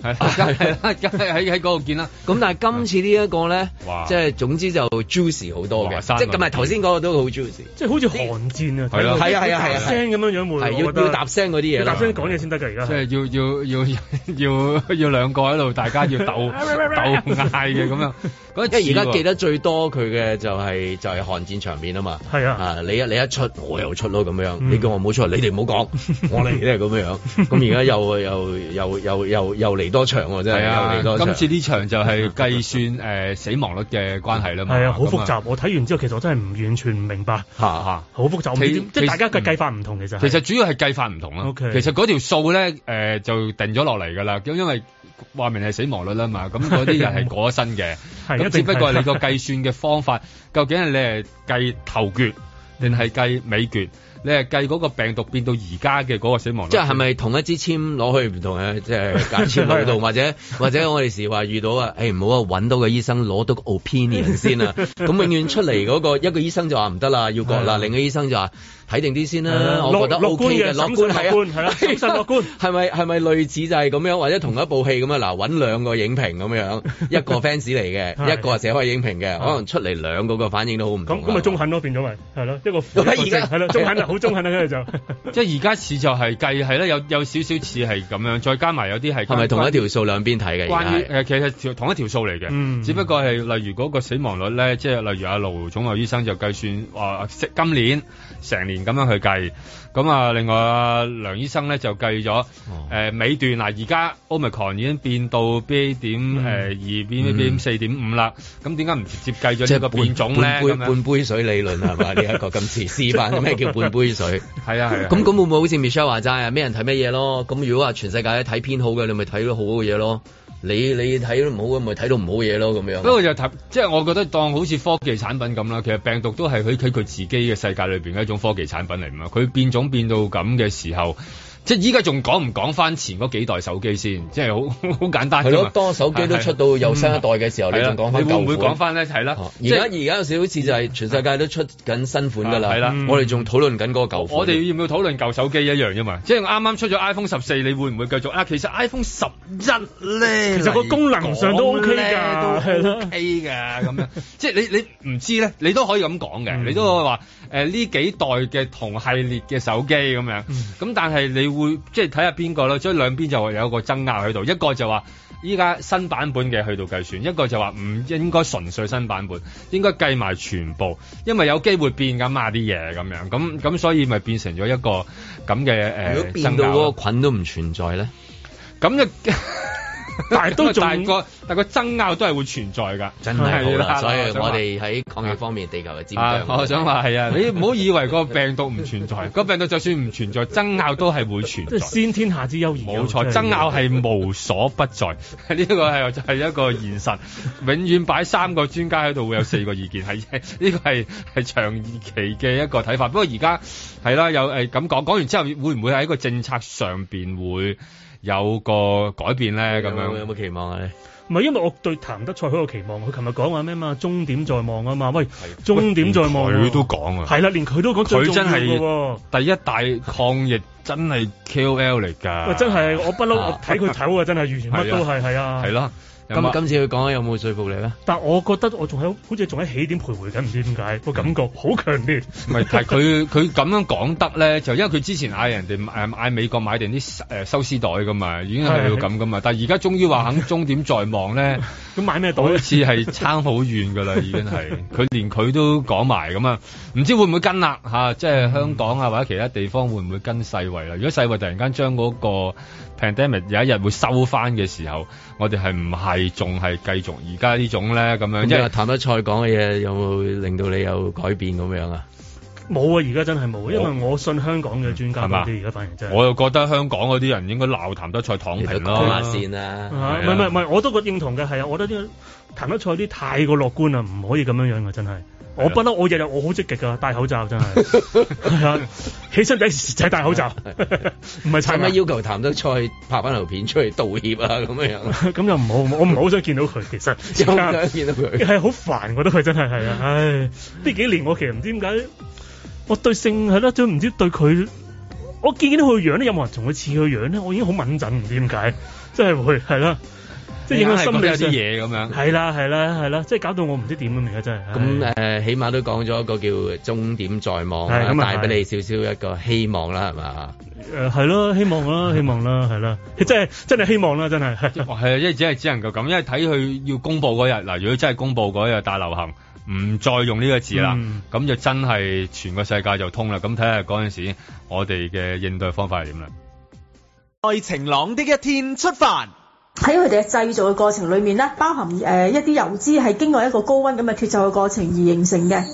係，梗係啦，梗係喺喺嗰度見啦。咁但係今次呢一個咧，哇即係總之就 juicy 好多嘅，即係咁。但係頭先嗰個都 ju 好 juicy，即係好似寒戰啊，係咯，係啊，係啊，聲咁樣樣冇，要要搭聲嗰啲嘢，要搭聲講嘢先得㗎。而家即係要要要要要兩個喺度，大家要鬥 鬥嗌嘅咁樣。嗰即係而家記得最多佢嘅就係就係寒戰場面啊嘛，係啊，啊你一你一出我又出咯咁樣，你叫我唔好出，你哋唔好講，我嚟咧咁樣，咁而家又又又又又又嚟多場喎，真係又嚟多場。今次呢場就係計算誒死亡率嘅關係啦嘛，係啊，好複雜。我睇完之後其實我真係唔完全唔明白，嚇嚇，好複雜，即係大家嘅計法唔同其實其實主要係計法唔同啦，OK，其實嗰條數咧誒就定咗落嚟㗎啦，咁因為話明係死亡率啦嘛，咁嗰啲人係過咗身嘅，咁 是只不過係你個計算嘅方法，定 究竟係你係計頭決，定係計尾決？你係計嗰個病毒變到而家嘅嗰個死亡率？即係係咪同一支籤攞去唔同嘅，即係籤度， 或者 或者我哋時話遇到、欸、啊？誒，唔好啊，揾到個醫生攞到個 opinion 先啊！咁 永遠出嚟嗰、那個 一個醫生就話唔得啦，要割啦， 另一個醫生就話。睇定啲先啦，我覺得樂觀嘅，樂觀係啊，精神樂觀係咪係咪類似就係咁樣或者同一部戲咁樣嗱，揾兩個影評咁樣一個 fans 嚟嘅，一個寫開影評嘅，可能出嚟兩個個反應都好唔同。咁咁咪中肯咯，變咗咪係咯，一個。而家中肯好中肯啦，就即係而家似就係計係咧，有有少少似係咁樣再加埋有啲係係咪同一條數兩邊睇嘅？關於誒，其實同一條數嚟嘅，只不過係例如嗰個死亡率咧，即係例如阿盧總牙醫生就計算話今年成年。咁樣去計，咁啊，另外梁醫生咧就計咗，誒、哦呃、尾段嗱，而家 Omicron 已經變到 B 點、嗯？誒二 B 點四點五啦。咁點解唔直接計咗？即係個變種咧。半杯水理論係嘛？呢一 個今次示範咩叫半杯水？係係。咁咁會唔會好似 Michelle 話齋啊？咩、啊啊、人睇咩嘢咯？咁如果話全世界睇偏好嘅，你咪睇到好嘅嘢咯。你你睇到唔好嘅咪睇到唔好嘢咯，咁樣。不過就睇，即係我覺得當好似科技產品咁啦，其實病毒都係佢佢佢自己嘅世界裏邊嘅一種科技產品嚟嘛。佢變種變到咁嘅時候。即係依家仲講唔講翻前嗰幾代手機先？即係好好簡單。係咯，多手機都出到有新一代嘅時候，的你仲講翻舊款，你會唔會講翻咧？係啦，係而家而家有時好似就係全世界都出緊新款㗎啦。係啦，我哋仲討論緊嗰個舊款。我哋要唔要討論舊手機一樣啫嘛？即係啱啱出咗 iPhone 十四，你會唔會繼續啊？其實 iPhone 十一咧，其實個功能上都 OK 㗎，的都 OK 㗎咁樣。 即係你你唔知咧，你都可以咁講嘅。你都可以話誒呢幾代嘅同系列嘅手機咁樣，咁、嗯、但係你。會即係睇下邊個囉，所以兩邊就有一個爭拗喺度，一個就話依家新版本嘅去到計算，一個就話唔應該純粹新版本，應該計埋全部，因為有機會變㗎嘛啲嘢咁樣，咁咁所以咪變成咗一個咁嘅誒，呃、變到個菌都唔存在咧，咁就。但係都仲，但個但個爭拗都係會存在㗎，真係啦。的所以我哋喺抗疫方面，地球嘅尖兵、啊。我想話係啊，你唔好以為個病毒唔存在， 個病毒就算唔存在，爭拗都係會存在。即先天下之憂而冇錯，是爭拗係無所不在。呢個係係一個現實，永遠擺三個專家喺度會有四個意見，係呢個係係長期嘅一個睇法。不過而家係啦，有誒咁講講完之後，會唔會喺個政策上邊會有個改變咧，咁的樣有冇期望啊？唔係，因為我對譚德賽好有期望。佢琴日講話咩嘛？終的點在望啊嘛！喂，終點在望，佢都講啊，係啦，連佢都講終點在望，啊、第一大抗疫真係 K O L 嚟噶，真係我不嬲，我睇佢頭啊，真係，啊、完全乜都係，係啊的，係啦。咁今次佢講有冇說服你咧？但係我覺得我仲喺好似仲喺起點徘徊緊，唔知點解個感覺好強烈。唔係佢佢咁樣講得咧，就因為佢之前嗌人哋誒嗌美國買定啲誒收屍袋噶嘛，已經係去到咁噶嘛。是是是，但係而家終於話肯終點在望咧，咁 買咩袋呢？次係差好遠噶啦，已經係佢連佢都講埋咁啊！唔知會唔會跟啦嚇？即係香港啊，或者其他地方會唔會跟世衛啦？如果世衛突然間將嗰個 pandemic 有一日會收翻嘅時候。我哋係唔係仲係繼續而家呢種咧咁樣？即係是譚德賽講嘅嘢有冇令到你有改變咁樣啊？冇啊！而家真係冇，因為我信香港嘅專家啲。而家吧反而真。我又覺得香港嗰啲人應該鬧譚德賽躺平咯。拉下線啊！唔係唔係，我都覺認同嘅，係啊！我覺得啲譚德賽啲太過樂觀啦，唔可以咁樣樣啊真係。我不嬲，我日日我好積極㗎，戴口罩真係，係 啊，起身第一時就戴口罩，唔係咩要求譚德？譚德塞拍翻條片出去道歉啊，咁樣 樣，咁又唔好，我唔好想見到佢，其實又唔想見到佢，係好煩，覺得佢真係係啊，唉，呢幾年我其實唔知點解，我對性係咯，都唔、啊、知對佢，我見見到佢個樣咧，有冇人同佢似佢樣咧？我已經好敏準，唔知點解，真係會係啦。即係影響心有啲嘢咁樣，係啦係啦係啦，即係搞到我唔知點咁而家真係。咁誒，起碼都講咗一個叫終點在望，咁帶俾你少少一個希望啦，係嘛？誒係咯，希望啦，希望啦，係啦，即係真係希望啦，真係。係啊，因為只係只能夠咁，因為睇佢要公佈嗰日嗱，如果真係公佈嗰日大流行，唔再用呢個字啦，咁就真係全個世界就通啦。咁睇下嗰陣時我哋嘅應對方法係點啦。在晴朗的一天出發。喺佢哋嘅製造嘅過程裏面咧，包含誒一啲油脂係經過一個高溫咁嘅脫臭嘅過程而形成嘅。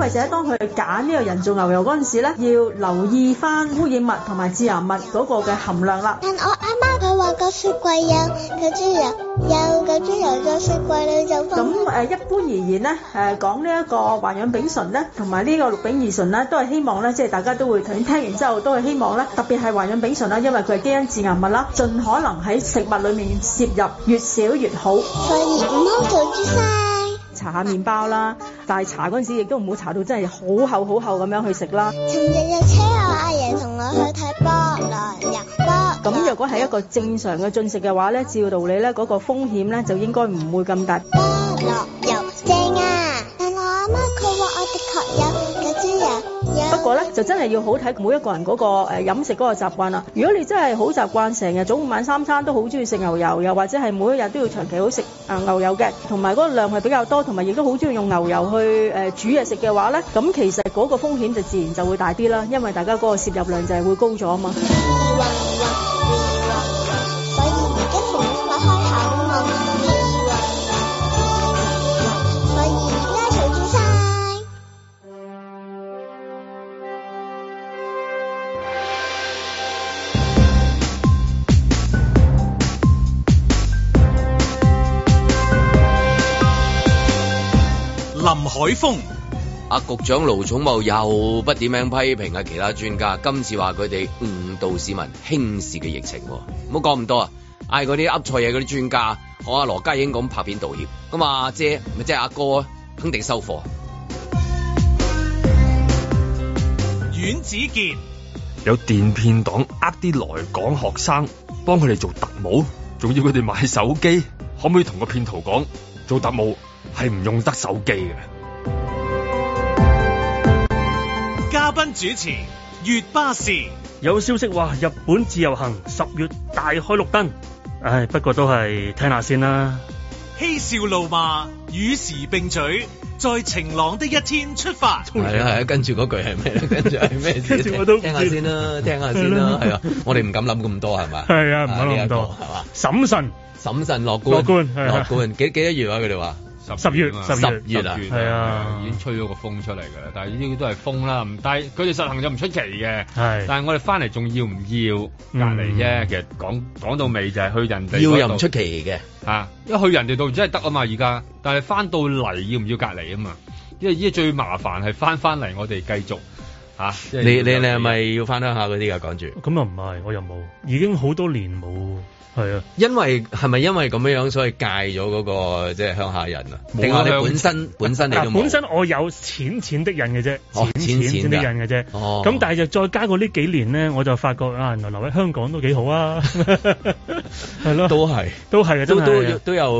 消費者當佢揀呢個人造牛油嗰陣時咧，要留意翻污染物同埋致癌物嗰個嘅含量啦。但我阿媽佢話個雪櫃有佢豬油，有嘅豬油在雪櫃裏就分。咁誒一般而言咧，誒講呢一個環氧丙醇咧，同埋呢個氯丙二醇咧，都係希望咧，即係大家都會聽完之後都係希望咧，特別係環氧丙醇啦，因為佢係基因致癌物啦，盡可能喺食物裏面攝入越少越好。所以唔好做豬身。搽下麵包啦，但係搽嗰陣時亦都唔好搽到真係好厚好厚咁樣去食啦。尋日嘅車路阿爺同我去睇菠蘿油波。咁若果係一個正常嘅進食嘅話咧，照道理咧嗰、嗰個風險咧就應該唔會咁大。波就真係要好睇每一個人嗰個誒飲食嗰個習慣啦。如果你真係好習慣成日早午晚三餐都好中意食牛油，又或者係每一日都要長期好食啊牛油嘅，同埋嗰個量係比較多，同埋亦都好中意用牛油去誒煮嘢食嘅話呢，咁其實嗰個風險就自然就會大啲啦，因為大家嗰個攝入量就係會高咗啊嘛。 海峰阿局長盧寵茂又不點名批評啊？其他專家今次話佢哋誤導市民輕視嘅疫情，唔好講咁多啊！嗌嗰啲噏錯嘢嗰啲專家學阿羅家英咁拍片道歉咁啊！阿姐咪即係阿哥，啊？肯定收貨。阮子杰有電騙黨呃啲來港學生幫佢哋做特務，仲要佢哋買手機。可唔可以同個騙徒講做特務係唔用得手機嘅？嘉賓主持，月巴士有消息話日本自由行十月大開綠燈，唉，不過都係聽下先啦。嬉笑怒罵，與時並舉，在晴朗的一天出發。係啊，係啊，跟住嗰句係咩咧？跟住係咩？我都聽下先啦，聽下先啦。係啊，我哋唔敢諗咁多，係咪？係啊，唔敢諗咁多，係嘛？審慎，審慎樂觀，樂觀，樂觀幾幾多月啊？佢哋話。十月，十月十月，係啊，已經吹咗個風出嚟噶啦，但係呢啲都係風啦，但係佢哋實行就唔出奇嘅，啊，但係我哋翻嚟仲要唔要隔離啫？其實講講到尾就係去人哋要又唔出奇嘅嚇，一去人哋度真係得啊嘛！而家，但係翻到嚟要唔要隔離啊嘛？因為依家最麻煩係翻翻嚟，我哋繼續嚇，啊就係。你你你係咪要翻鄉下嗰啲啊？講住咁又唔係，我又冇，已經好多年冇。係啊，因為係咪因為咁樣樣，所以戒咗嗰個即係鄉下人啊？定我哋本身本身嚟都冇。本身我有淺淺的人嘅啫，淺淺的人嘅啫。哦。咁但係就再加過呢幾年呢，我就發覺啊，原來留喺香港都幾好啊。係咯，都係，都係，都都都有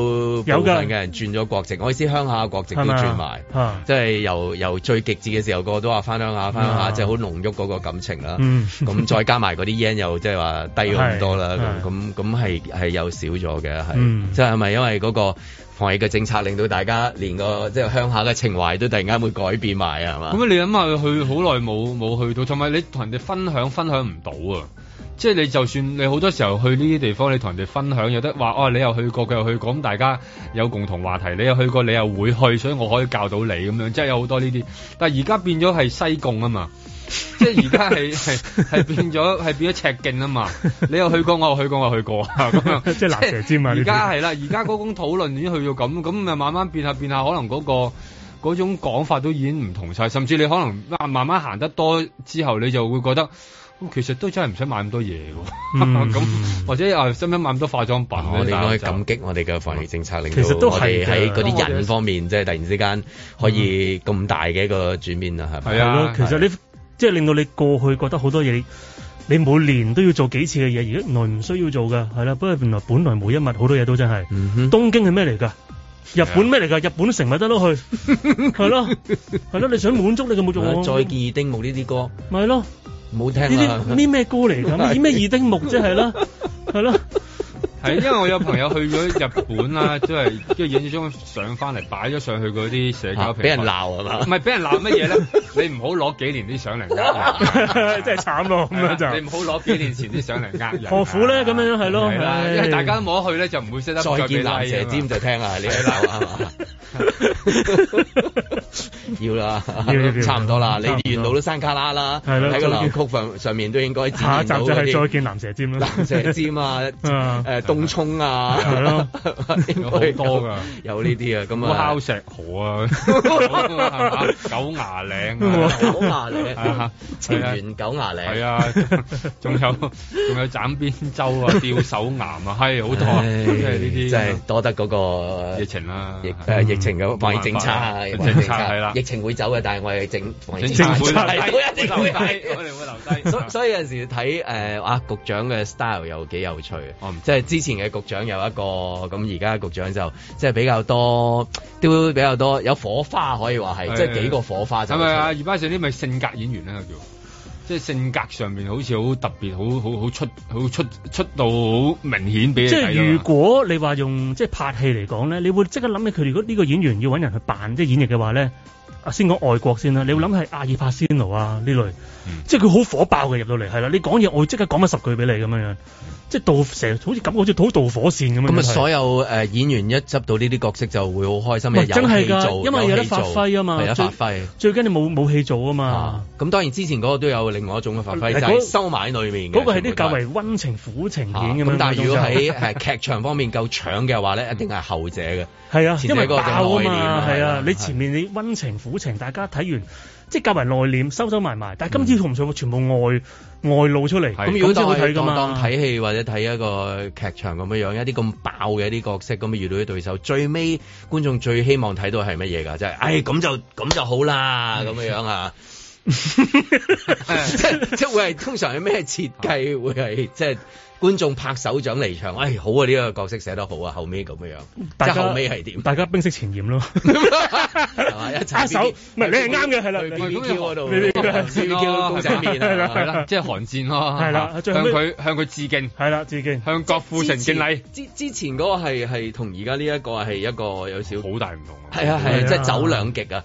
部分嘅人轉咗國籍，我意思鄉下國籍都轉埋，即係由由最極致嘅時候個個都話翻鄉下，翻鄉下即係好濃郁嗰個感情啦。嗯。咁再加埋嗰啲 yen 又即係話低咗咁多啦。咁咁咁係。係係又少咗嘅，係，即係咪因為嗰個防疫嘅政策令到大家連個即係鄉下嘅情懷都突然間會改變埋啊，係嘛？咁你諗下，去好耐，冇冇去到，同埋你同人哋分享分享唔到啊，即係你就算你好多時候去呢啲地方，你同人哋分享有得話，哦、啊、你又去過，佢又去過，咁大家有共同話題，你又去過，你又會去，所以我可以教到你咁樣，即係有好多呢啲，但係而家變咗係西貢啊嘛。 即係而家係係係變咗係 變咗赤徑啊嘛！你又去過，我又去過，我又去過咁樣， 即係嗱，而家係啦，而家嗰個討論已經去到咁，咁咪慢慢變下變下，可能嗰、嗰個嗰種講法都已經唔同晒。甚至你可能慢慢行得多之後，你就會覺得、哦、其實都真係唔使買咁多嘢喎、啊。咁、嗯、 或者啊，使唔使買咁多化妝品，我哋可以感激我哋嘅防疫政策，其實都係喺嗰啲人方面，即係、嗯、突然之間可以咁大嘅一個轉變、嗯、吧啊！係啊，其實呢～即係令到你過去覺得好多嘢，你每年都要做幾次嘅嘢，而家原來唔需要做㗎。係啦。不過原來本來每一物好多嘢都真係。東京係咩嚟㗎？日本咩嚟㗎？日本城咪得咯，去係咯係咯。你想滿足你嘅冇做。再見，二丁目呢啲歌，咪囉。咯，唔好聽呢啲咩歌嚟㗎？咩二丁目即係啦，係啦。係，因為我有朋友去咗日本啦，都係即係影咗張相翻嚟，擺咗上去嗰啲社交平台，俾人鬧啊嘛。唔係俾人鬧乜嘢咧？你唔好攞幾年啲相嚟，呃真係慘咯。咁樣就你唔好攞幾年前啲相嚟呃人，何苦咧？咁樣係咯。因為大家都冇得去咧，就唔會識得再見藍蛇尖，就聽啊，你喺鬧啊嘛。要啦，差唔多啦。你沿路都山卡拉啦，喺個南曲上上面都應該見到就係再見南蛇尖啦。南蛇尖啊，誒，東沖啊，係咯，應該好多噶，有呢啲啊。咁啊，烏烤石河啊，九牙嶺九牙嶺情緣九牙嶺。係啊，仲有仲有斬邊洲啊，吊手岩啊，係好多啊。即係呢啲，即係多得嗰個疫情啦，疫誒疫情嘅防疫政策啊。係啦，對疫情會走嘅，但係我哋整政策係會留低，我哋會留低。 所以所以有陣時睇誒啊局長嘅 style 又幾有趣，即係 之前嘅局長有一個，咁而家局長就即係、就是、比較多，都比較多有火花可以話係，即係幾個火花就係啊，餘班啲咪性格演員咧叫。即係性格上面好似好特別，好好好出好出出到好明顯俾你睇。即係如果你話用即係拍戲嚟講咧，你會即刻諗起佢如果呢個演員要揾人去扮即係演繹嘅話咧，啊先講外國先啦，你會諗係阿爾柏仙奴啊呢類，嗯、即係佢好火爆嘅入到嚟，係啦，你講嘢我會即刻講咗十句俾你咁樣樣。嗯即係導成，好似感覺好似好導火線咁樣。咁啊，所有誒演員一執到呢啲角色就會好開心，咪有戲做有嘢做。有得發揮啊嘛！有最最緊要冇冇戲做啊嘛！咁當然之前嗰個都有另外一種嘅發揮，就係收埋喺裏面。嗰個係啲較為温情苦情片咁，但係如果喺劇場方面夠搶嘅話咧，一定係後者嘅。係啊，因為夠啊嘛！係啊，你前面你温情苦情，大家睇完即係較為內斂，收收埋埋。但係今次上唔上全部外。外露出嚟，咁如果當當當睇戲或者睇一個劇場咁嘅樣，一啲咁爆嘅一啲角色，咁啊遇到啲對手，最尾觀眾最希望睇到係乜嘢噶？即係，唉，咁就咁就好啦，咁嘅樣啊，即即會係通常有咩設計會係即。觀眾拍手掌離場，哎，好啊！呢個角色寫得好啊，後尾咁嘅樣，但後尾係點？大家冰釋前嫌咯，一手，唔係你係啱嘅，係啦。B B Q 嗰度，B B Q 公仔麵，係啦，即係寒戰咯，係啦。向佢向佢致敬，係啦，致敬。向郭富城敬禮。之之前嗰個係係同而家呢一個係一個有少好大唔同，係啊係啊，即係走兩極啊。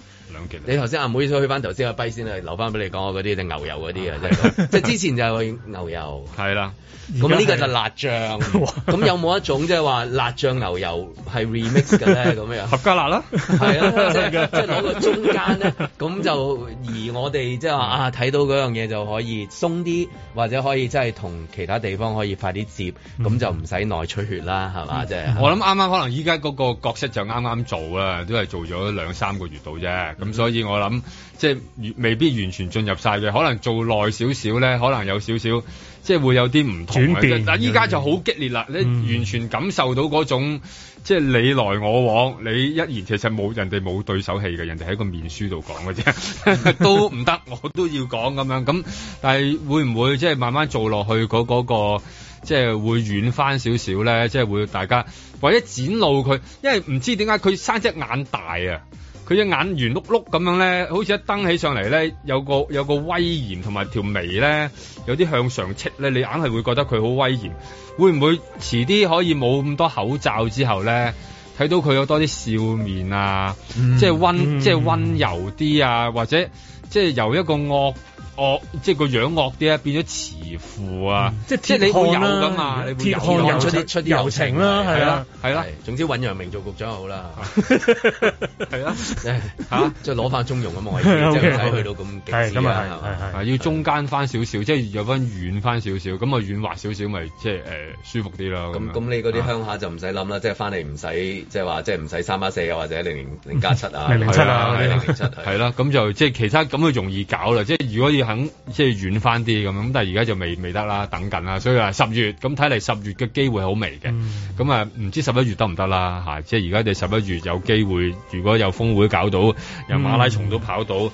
你頭先啊，唔好意思，去翻頭先個碑先留翻俾你講我嗰啲定牛油嗰啲啊，即係即係之前就係牛油，係啦，咁呢個就辣醬，咁有冇一種即係話辣醬牛油係 remix 嘅咧咁樣？合家辣啦，係啊，即係攞個中間咧，咁就而我哋即係話啊，睇到嗰樣嘢就可以鬆啲，或者可以即係同其他地方可以快啲接，咁就唔使內出血啦，係嘛？即係我諗啱啱可能依家嗰個角色就啱啱做啊，都係做咗兩三個月度啫，咁。所以我諗即係未必完全進入晒嘅，可能做耐少少咧，可能有少少即係會有啲唔同而但依家就好激烈啦，嗯、你完全感受到嗰種即係你來我往，你一言其實冇人哋冇對手戲嘅，人哋喺個面書度講嘅啫，嗯、 都唔得，我都要講咁樣。咁但係會唔會即係慢慢做落去，嗰、嗰個即係會遠返少少咧？即係會，會大家或者展露佢，因為唔知點解佢生隻眼大啊？佢隻眼圓碌碌咁樣咧，好似一瞪起上嚟咧，有個有個威嚴同埋條眉咧，有啲向上戚咧，你硬係會覺得佢好威嚴。會唔會遲啲可以冇咁多口罩之後咧，睇到佢有多啲笑面啊？嗯、即係溫、嗯、即係溫柔啲啊，或者即係由一個惡。惡即係個樣惡啲啊，變咗慈父啊，即即係你會有噶嘛，你會油出出啲柔情啦，係啊，係啦，總之搵楊明做局長好啦，係啊，嚇即係攞翻中庸嘅模式，即係唔使去到咁極致啦，要中間翻少少，即係有翻軟翻少少，咁啊軟滑少少咪即係誒舒服啲咯。咁咁你嗰啲鄉下就唔使諗啦，即係翻嚟唔使即係話即係唔使三八四啊，或者零零加七啊，零七啊嗰啲，係啦，咁就即係其他咁就容易搞啦，即係如果要。肯即係遠翻啲咁，咁但係而家就未未得啦，等緊啦，所以話十月咁睇嚟十月嘅機會好微嘅，咁、嗯嗯、啊唔知十一月得唔得啦，即係而家你十一月有機會，如果有峰會搞到，由馬拉松都跑到，嗯、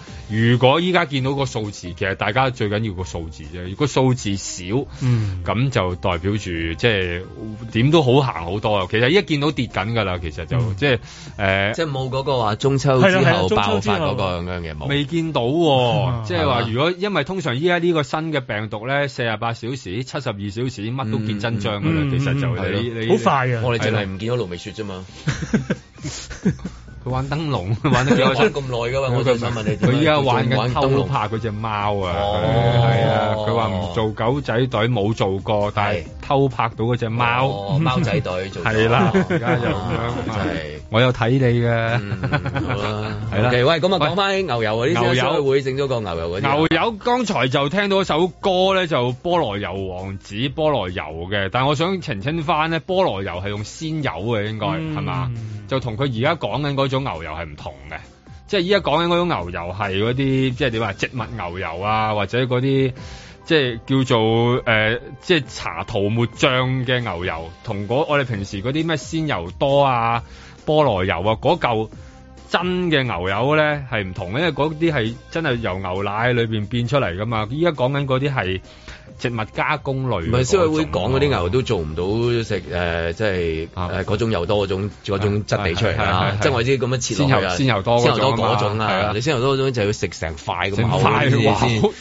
如果依家見到個數字，其實大家最緊要個數字啫，如果數字少，咁、嗯、就代表住即係點都好行好多啊！其實一見到跌緊噶啦，其實就、嗯、即係誒，呃、即係冇嗰個話中秋之後爆發嗰個咁樣嘅冇，未見到、哦， 即係話如果。因為通常依家呢個新嘅病毒咧，四十八小時、七十二小時，乜都見真章㗎啦。嗯嗯、其實就係你的你好快呀，我哋淨係唔見到盧美雪啫嘛。 佢玩燈籠，玩得幾開心。玩咁耐嘅嘛，我就想問你。佢依家玩緊偷拍嗰隻貓啊，係啊！佢話唔做狗仔隊冇做過，但係偷拍到嗰隻貓貓仔隊做。係啦，而家就咁樣。我有睇你嘅，係啦。喂，咁啊講翻牛油啲，牛油會整咗個牛油啲。牛油剛才就聽到首歌咧，就菠蘿油王子菠蘿油嘅，但係我想澄清翻咧，菠蘿油係用鮮油嘅，應該係嘛？就同佢而家講緊嗰種牛油係唔同嘅，即係依家講緊嗰種牛油係嗰啲，即係點話植物牛油啊，或者嗰啲即係叫做誒即係搽塗抹醬嘅牛油，同嗰我哋平時嗰啲咩鮮油多啊、菠蘿油啊，嗰嚿真嘅牛油咧係唔同嘅，因為嗰啲係真係由牛奶裏邊變出嚟噶嘛，依家講緊嗰啲係。食物加工類，唔係消委會講嗰啲牛都做唔到食誒，即係誒嗰種油多嗰種嗰種質地出嚟即係為之咁樣切油、先油多嗰種嗰種你先油多嗰種就要食成塊咁嘅話，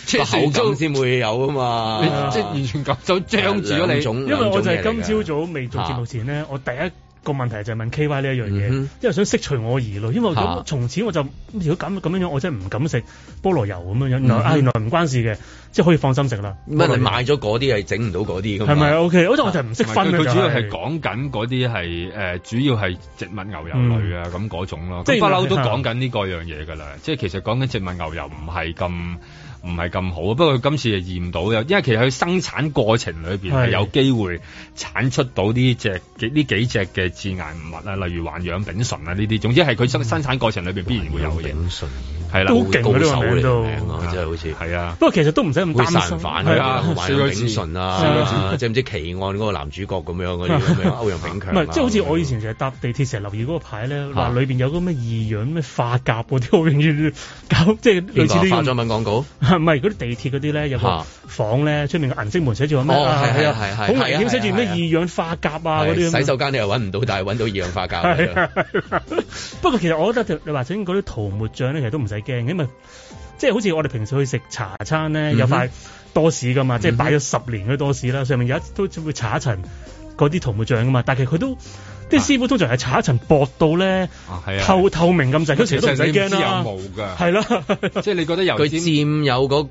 即係口感先，先會有㗎嘛！即係完全咁，就將住咗你。因為我就係今朝早未做節目前呢，我第一個問題就係問 K Y 呢一樣嘢，因為想釋除我疑慮，因為從此我就如果咁咁樣，我真係唔敢食菠蘿油咁樣。原來原來唔關事嘅，即係可以放心食啦。乜你買咗嗰啲係整唔到嗰啲嘅？係咪啊？OK，好似我就係唔識分。佢主要係講緊嗰啲係誒，主要係植物牛油類啊咁嗰種咯。即係不嬲都講緊呢個樣嘢㗎啦。即係其實講緊植物牛油唔係咁。唔係咁好啊！不過佢今次係驗唔到嘅，因為其實佢生產過程裏面係有機會產出到呢隻幾呢幾隻嘅致癌物啊，例如環氧丙醇啊呢啲。總之係佢生生產過程裏邊必然會有嘢。丙醇係啦，好勁嗰個名都，真係好似係啊！不過其實都唔使咁擔心。殺人犯啊，環氧丙醇啊，即唔知奇案嗰個男主角咁樣歐陽炳強唔係，即係好似我以前成日搭地鐵成日留意嗰個牌咧，話裏邊有嗰咩異樣咩化甲嗰啲，即係類似啲化妝品廣告。唔係嗰啲地鐵嗰啲咧，有個房咧出哈面銀色門寫住咩、哦、啊？係係係，好危險，寫住咩二氧化鎘啊嗰啲是洗手間你又搵唔到，但係搵到二氧化鎘、啊。不過其實我覺得你話整嗰啲桃沫醬咧，其實都唔使驚，因為即係好似我哋平時去食茶餐咧，嗯、哼有塊多士噶嘛，嗯、哼即係擺咗十年嘅多士啦，上面有一都會搽一層嗰啲桃沫醬噶嘛，但係其實佢都。啲、啊、師傅通常係搽一層薄到咧，啊啊、透透明咁滯，其實、啊、都唔使驚啦。係咯，即係你覺得由佢佔有嗰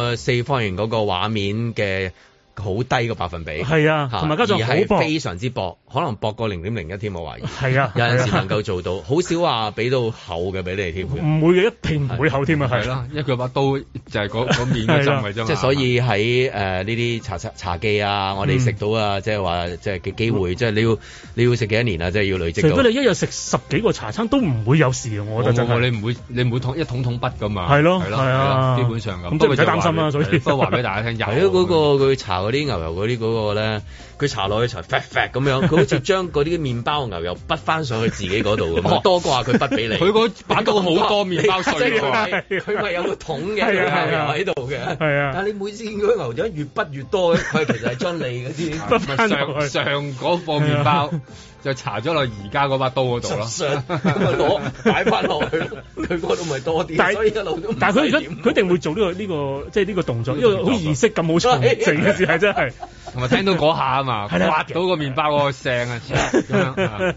個四方形嗰個畫面嘅。好低個百分比，係啊，同埋加上好非常之薄，可能薄過零點零一添，我懷疑係啊，有陣時能夠做到，好少話俾到厚嘅俾你添，唔會嘅，一定唔會厚添啊，係啦，因為佢把刀就係嗰嗰面嘅針嚟啫，即係所以喺誒呢啲茶茶茶記啊，我哋食到啊，即係話即係嘅機會，即係你要你要食幾多年啊？即係要累積。除非你一日食十幾個茶餐都唔會有事嘅，我覺得真係你唔會你唔會桶一桶桶筆㗎嘛？係咯係咯係啊，基本上咁。不過唔使擔心啦，所以都過話俾大家聽，係啊嗰個佢茶。嗰啲牛油嗰啲嗰個咧，佢搽落去搽 fat fat 咁樣，佢好似將嗰啲麵包牛油筆翻上去自己嗰度咁，多過佢筆俾你。佢個擺到好多麵包碎㗎，佢咪有個桶嘅喺度嘅。啊，但係你每次見到牛油越筆越多，佢其實係將你嗰啲上上嗰塊麵包。就搽咗落而家嗰把刀嗰度咯，咁攞擺翻落去咯，佢嗰度咪多啲。但係佢而家佢一定會做呢個呢個，即係呢個動作，因為好儀式咁冇錯，淨嘅真係。同埋聽到嗰下啊嘛，刮到個麵包個聲啊，咁樣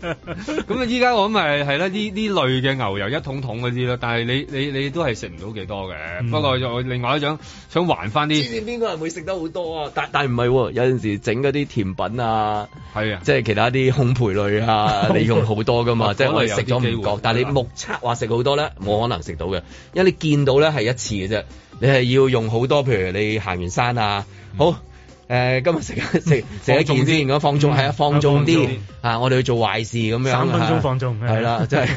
咁啊，依家我咪係啦，呢呢類嘅牛油一桶桶嗰啲咯，但係你你你都係食唔到幾多嘅。不過再另外一種想還翻啲。邊個係會食得好多啊？但但唔係喎，有陣時整嗰啲甜品啊，係啊，即係其他啲烘焙。累啊， 你用好多噶嘛，即係我哋食咗唔覺，但係你目測話食好多咧，冇 可能食到嘅，因為你見到咧係一次嘅啫，你係要用好多，譬如你行完山啊， 好。誒，今日食一食，食一件先，如果放縱，係啊，放縱啲啊，我哋去做壞事咁樣，三分鐘放縱，係啦，即係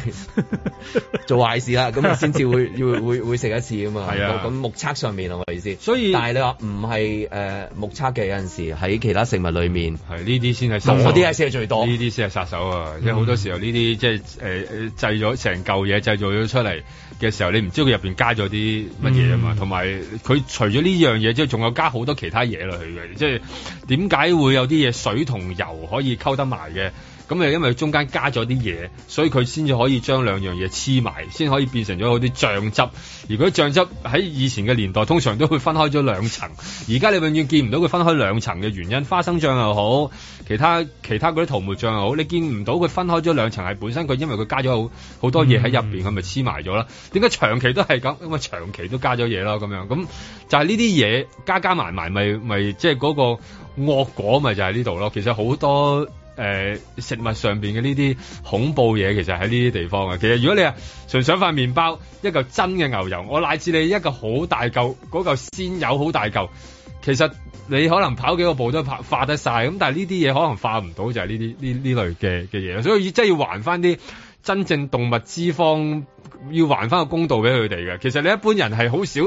做壞事啦，咁先至會要會會食一次啊嘛。係啊，咁目測上面係我意思。所以，但係你話唔係誒目測嘅，有陣時喺其他食物裡面，係呢啲先係殺手，嗰啲先係最多，呢啲先係殺手啊！即係好多時候呢啲即係誒誒製咗成嚿嘢，製造咗出嚟。嘅時候，你唔知佢入邊加咗啲乜嘢啊嘛，同埋佢除咗呢樣嘢之後，仲有加好多其他嘢落去嘅，即係點解會有啲嘢水同油可以溝得埋嘅？咁誒，因為中間加咗啲嘢，所以佢先至可以將兩樣嘢黐埋，先可以變成咗嗰啲醬汁。如果醬汁喺以前嘅年代，通常都會分開咗兩層。而家你永遠見唔到佢分開兩層嘅原因，花生醬又好，其他其他嗰啲桃木醬又好，你見唔到佢分開咗兩層，係本身佢因為佢加咗好好多嘢喺入面，佢咪黐埋咗啦？點解長期都係咁？因為長期都加咗嘢咯，咁樣咁就係呢啲嘢加加埋埋，咪咪即係嗰個惡果咪就喺呢度咯。其實好多。誒、呃、食物上邊嘅呢啲恐怖嘢，其實喺呢啲地方啊。其實如果你啊，純想塊麵包一嚿真嘅牛油，我乃至你一嚿好大嚿嗰嚿鮮油，好大嚿，其實你可能跑幾個步都跑化得晒，咁但係呢啲嘢可能化唔到，就係呢啲呢呢類嘅嘅嘢，所以真係要還返啲真正動物脂肪，要還返個公道俾佢哋嘅。其實你一般人係好少。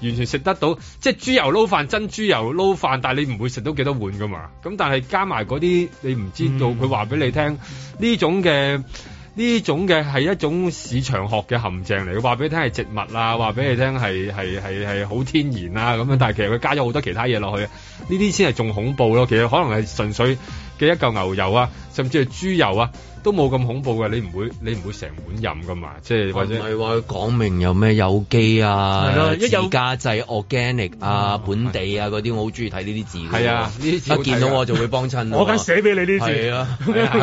完全食得到，即係豬油撈飯，真豬油撈飯，但係你唔會食到幾多碗噶嘛。咁但係加埋嗰啲，你唔知道，佢話俾你聽呢種嘅，呢種嘅係一種市場學嘅陷阱嚟。話俾你聽係植物啊，話俾你聽係係係係好天然啦咁樣。但係其實佢加咗好多其他嘢落去，呢啲先係仲恐怖咯。其實可能係純粹嘅一嚿牛油啊，甚至係豬油啊。都冇咁恐怖嘅，你唔會你唔會成碗飲噶嘛？即係或者係話講明有咩有機啊、自家製 organic 啊、本地啊嗰啲，我好中意睇呢啲字嘅。係啊，一見到我就會幫襯咯。我緊寫俾你啲字咯，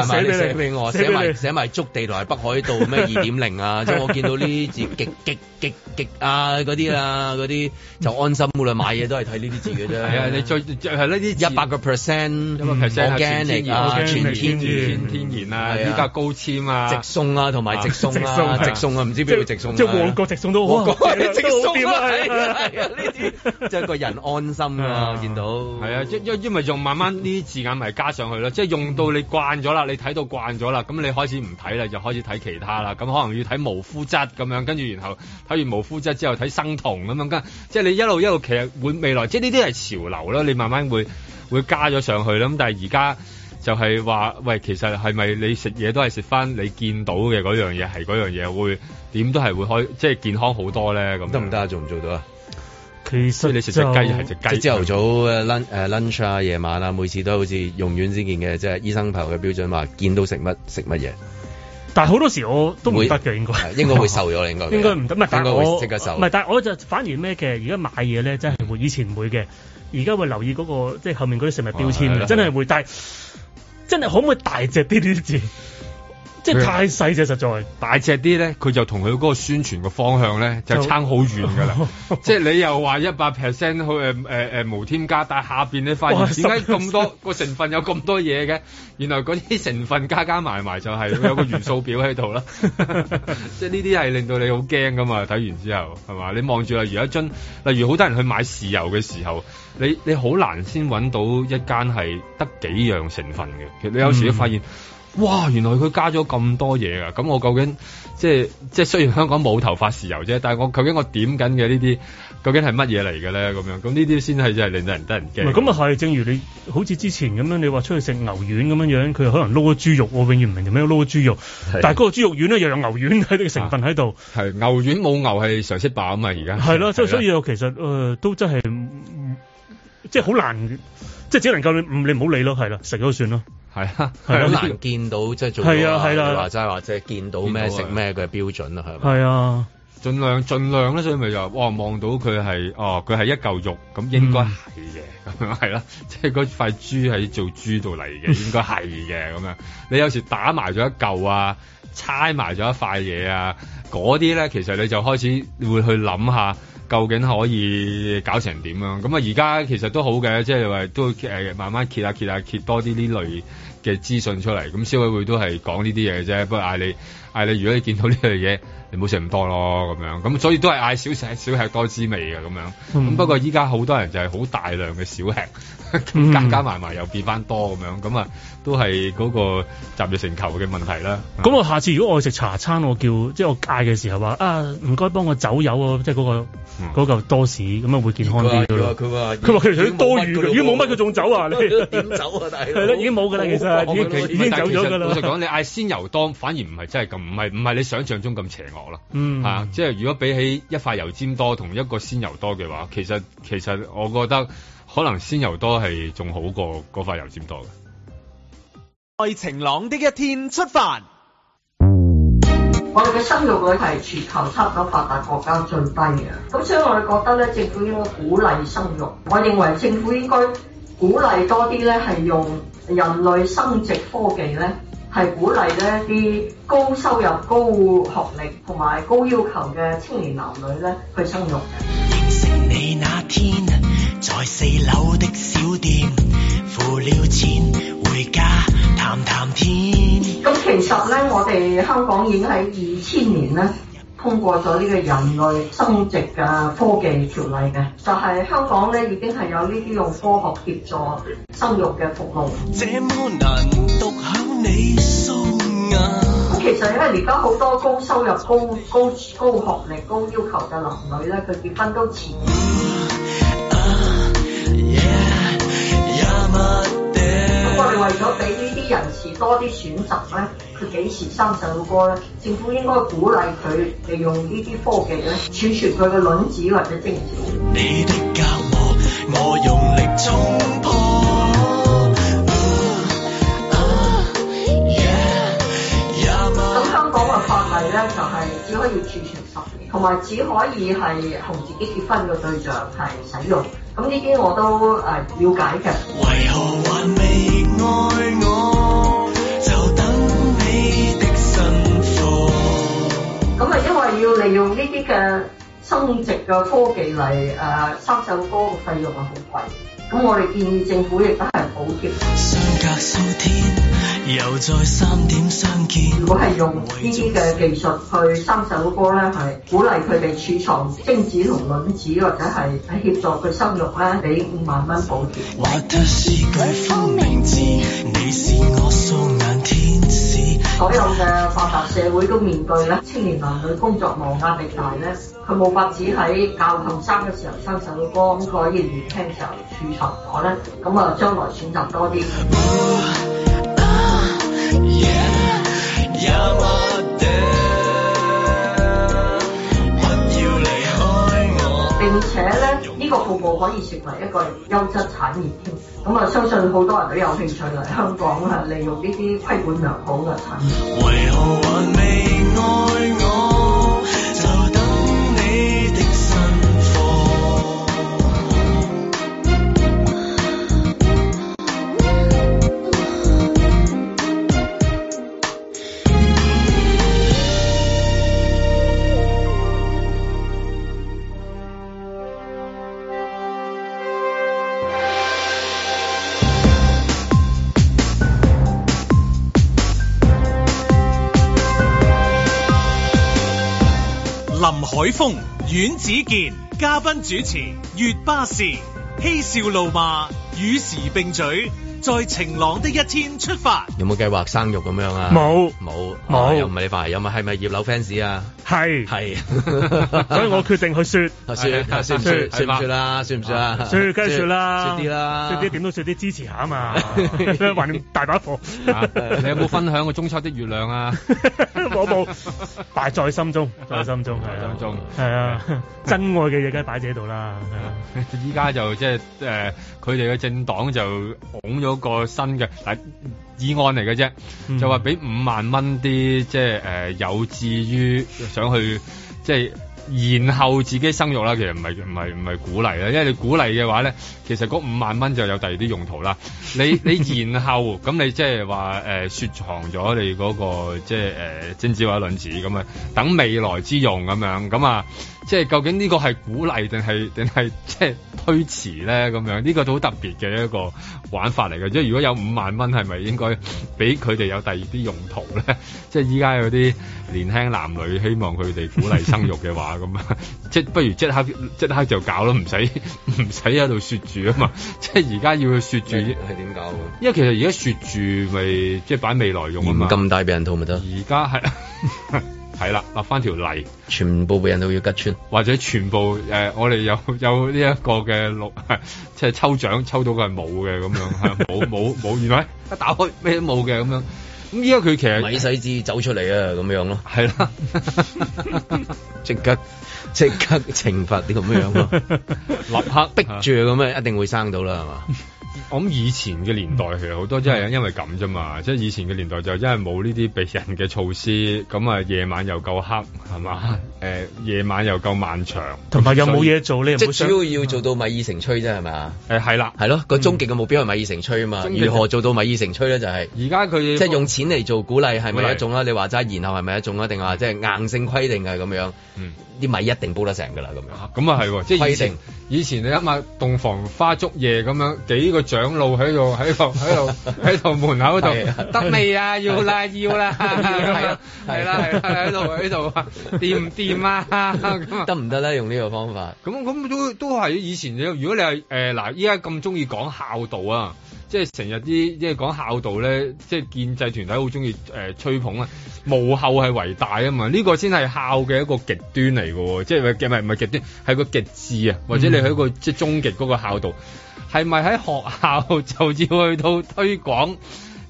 寫俾你，寫埋寫埋築地圖係北海道咩二點零啊！即係我見到呢啲字極極極極啊嗰啲啦，嗰啲就安心㗎啦。買嘢都係睇呢啲字嘅啫。係啊，你最係呢啲一百個 percent，一百 percent organic 啊，全天然、全天然啊。比較高纖啊，直送啊，同埋直送啊，直送啊，唔知邊度直送啊？即係旺角直送都好啊！直送啊，係啊，呢啲即係個人安心啊，見到。係啊，因因為用慢慢呢啲字眼咪加上去咯，即係用到你慣咗啦，你睇到慣咗啦，咁你開始唔睇啦，就開始睇其他啦。咁可能要睇無膚質咁樣，跟住然後睇完無膚質之後睇生酮咁樣，即係你一路一路其實會未來即係呢啲係潮流咯，你慢慢會會加咗上去咯。咁但係而家。就係話，喂，其實係咪你食嘢都係食翻你見到嘅嗰樣嘢，係嗰樣嘢會點都係會開，即係健康好多咧？咁得唔得？做唔做到啊？其實，所以你食隻雞，係隻雞，即係朝頭早 lunch 啊、夜晚啊，每次都好似用院先見嘅，即係醫生朋友嘅標準話，見到食乜食乜嘢。但係好多時我都唔得嘅，應該應該會瘦咗，應該應該唔得，唔係但係即刻瘦，唔係但係我就反而咩嘅？而家買嘢咧真係會，以前唔會嘅，而家會留意嗰個即係後面嗰啲食物標籤真係會，但係。真係可唔可以大隻啲啲字？即係說太細隻，實在大隻啲咧，佢就同佢嗰個宣傳嘅方向咧，就差好遠㗎啦。就即係你又話一百 percent 去誒誒誒無添加，但係下面你發現點解咁多個成分有咁多嘢嘅？原來嗰啲成分加加埋埋就係、是、 有個元素表喺度啦。 即係呢啲係令到你好驚㗎嘛？睇完之後係嘛？你望住啦，例如一樽，例如好多人去買豉油嘅時候，你你好難先揾到一間係得幾樣成分嘅。其實你有時都發現。嗯。哇！原來佢加咗咁多嘢啊！咁我究竟即係即係雖然香港冇頭髮豉油啫，但係我究竟我點緊嘅呢啲究竟係乜嘢嚟嘅咧？咁樣咁呢啲先係真係令到人得人驚。唔係咁啊，係正如你好似之前咁樣，你話出去食牛丸咁樣樣，佢可能撈個豬肉喎，永遠唔明做咩撈個豬肉。豬肉係但係嗰個豬肉丸咧又有牛丸嘅成分喺度。係、啊、牛丸冇牛係常識吧？咁啊而家係咯，所以我其實誒、呃、都真係、嗯、即係好難，即係只能夠你唔你唔好理咯，係啦，食咗算咯。係啊，好、啊、難見到即係做。係啊，係啦。話齋話即係見到咩食咩嘅標準啊。係咪、啊？係啊，盡量盡量咧，所以咪就話，哇！望到佢係哦，佢係一嚿肉，咁應該係嘅，咁樣係啦。即係嗰塊豬係做豬度嚟嘅，應該係嘅咁樣。你有時打埋咗一嚿啊，猜埋咗一塊嘢啊，嗰啲咧其實你就開始會去諗下。究竟可以搞成點樣？咁啊，而家其實都好嘅，即係話都誒慢慢揭下、啊、揭下、啊、揭多啲呢類嘅資訊出嚟。咁消委會都係講呢啲嘢啫。不過嗌你嗌你，你如果你見到呢類嘢，你唔好食咁多咯。咁樣咁，所以都係嗌少食少食多滋味嘅咁樣。咁、嗯、不過依家好多人就係好大量嘅少食。加加埋埋又變翻多咁樣，咁啊都係嗰個集約成球嘅問題啦。咁我下次如果我食茶餐，我叫即係我嗌嘅時候話啊，唔該幫我走油啊！」即係嗰個嗰嚿多士咁啊，會健康啲。佢話佢話佢哋食多馀嘅，已經冇乜，佢仲走啊？你點走啊？但係已經冇噶啦。其實已已經走咗噶啦。老實講，你嗌鮮油多，反而唔係真係咁，唔係唔係你想象中咁邪惡咯。嗯，即係如果比起一塊油尖多同一個鮮油多嘅話，其實其實我覺得。可能先油多係仲好過嗰塊油尖多嘅。在晴朗的一天出發。我哋嘅生育率係全球差唔多發達國家最低嘅，咁所以我哋覺得咧，政府應該鼓勵生育。我認為政府應該鼓勵多啲咧，係用人類生殖科技咧，係鼓勵呢啲高收入、高學歷同埋高要求嘅青年男女咧去生育的。認識你那天。咁其實咧，我哋香港已經喺二千年咧通過咗呢個人類生殖嘅科技條例嘅，就係、是、香港咧已經係有呢啲用科學協助生育嘅服務。咁、啊、其實呢因為，而家好多高收入高，高高高學歷、高要求嘅男女咧，佢結婚都遲。為咗俾呢啲人士多啲選擇咧，佢幾時生細路哥咧？政府應該鼓勵佢利用呢啲科技咧，儲存佢嘅卵子或者精子。你的隔膜，我用力衝破。咁、uh, uh, yeah, yeah, 香港嘅法例咧，就係、是、只可以儲存十年，同埋只可以係同自己結婚嘅對象係使用。咁呢啲我都誒瞭、呃、解嘅。為何還未？咁啊，就因為要利用呢啲嘅增值嘅科技嚟，誒，收首歌嘅費用啊，好貴。咁我哋建議政府亦都係補貼。如果係用呢啲嘅技術去生細路哥呢，係鼓勵佢哋儲藏精子同卵子，或者係協助佢生育呢，俾五萬蚊補貼。所有嘅發達社會都面對呢，青年男女工作忙壓力大呢，佢冇法子喺教後生嘅時候唱首歌。到光，所以聽嘅時候儲蓄呢能，我就將來選擇多啲。並且呢，呢、這個服務可以成為一個優質產業。咁啊，我相信好多人都有興趣嚟香港啦，利用呢啲規管良好嘅產品。為何我海峰阮子健嘉賓主持，粵巴士嬉笑怒罵，與時並舉，在晴朗的一天出發。有冇計劃生育咁樣啊？冇冇冇，又唔係你排，有咪係咪葉劉 fans 啊？係係，所以我決定去説，説説唔説説唔説啦，説唔説啦，説梗係説啦，説啲啦，説啲點都説啲支持下嘛，懷念大把貨。你有冇分享個中秋的月亮啊？我冇，擺在心中，在心中，心中係啊，真愛嘅嘢梗係擺住喺度啦。依家就即係誒，佢哋嘅政黨就拱咗個新嘅。議案嚟嘅啫，就話俾五萬蚊啲，即係誒、呃、有志於想去，即係延後自己生育啦。其實唔係唔係唔係鼓勵啦，因為你鼓勵嘅話咧，其實嗰五萬蚊就有第二啲用途啦。你你延後咁， 你即係話誒雪藏咗你嗰、那個即係誒、呃、精子或者卵子咁啊，等未來之用咁樣咁啊。即係究竟呢個係鼓勵定係定係即係推遲咧咁樣？呢個都好特別嘅一個玩法嚟嘅。即係如果有五萬蚊，係咪應該俾佢哋有第二啲用途咧？即係依家有啲年輕男女希望佢哋鼓勵生育嘅話，咁 即係不如即刻即刻就搞咯，唔使唔使喺度説住啊嘛！即係而家要去説住係點搞？因為其實而家説住咪、就是、即係擺未來用啊嘛。咁大避孕套咪得？而家係。 係啦，立翻條泥，全部俾人都要吉穿，或者全部誒、呃，我哋有有呢一個嘅六，即、啊、係、就是、抽獎抽到個係冇嘅咁樣，冇冇冇，原來一 打開咩都冇嘅咁樣，咁依家佢其實米細子走出嚟啊，咁樣咯，係啦了，即刻即刻懲罰呢咁樣咯，立刻逼住佢咁樣，一定會生到啦，係嘛？我諗以前嘅年代其實好多真係因為咁啫嘛，即係以前嘅年代就因為冇呢啲避孕嘅措施，咁啊夜晚又夠黑係嘛，誒夜晚又夠漫長，同埋又冇嘢做，你唔需要要做到米已成炊啫係嘛，誒係啦，係咯個終極嘅目標係米已成炊啊嘛，如何做到米已成炊咧就係而家佢即係用錢嚟做鼓勵係咪一種啦？你話齋然後係咪一種啊？定話即係硬性規定嘅咁樣，啲米一定煲得成噶啦咁樣，咁啊係即係以前以前你諗下洞房花燭夜咁樣幾個。長老喺度，喺度，喺度，喺度 門口度得未啊？要啦， 要啦，要啦，咁 啊，係啦，係啦，喺度，喺度，啊，掂唔掂啊？咁啊，得唔得咧？用呢個方法？咁咁都都係以前。如果你係誒嗱，依家咁中意講孝道啊，即係成日啲即係講孝道咧，即係建制團體好中意誒吹捧啊。無後係為大啊嘛，呢、這個先係孝嘅一個極端嚟㗎，即係咪？唔係極端，係個極致啊，或者你喺個、mm hmm. 即係終極嗰個孝道。係咪喺學校就要去到推廣？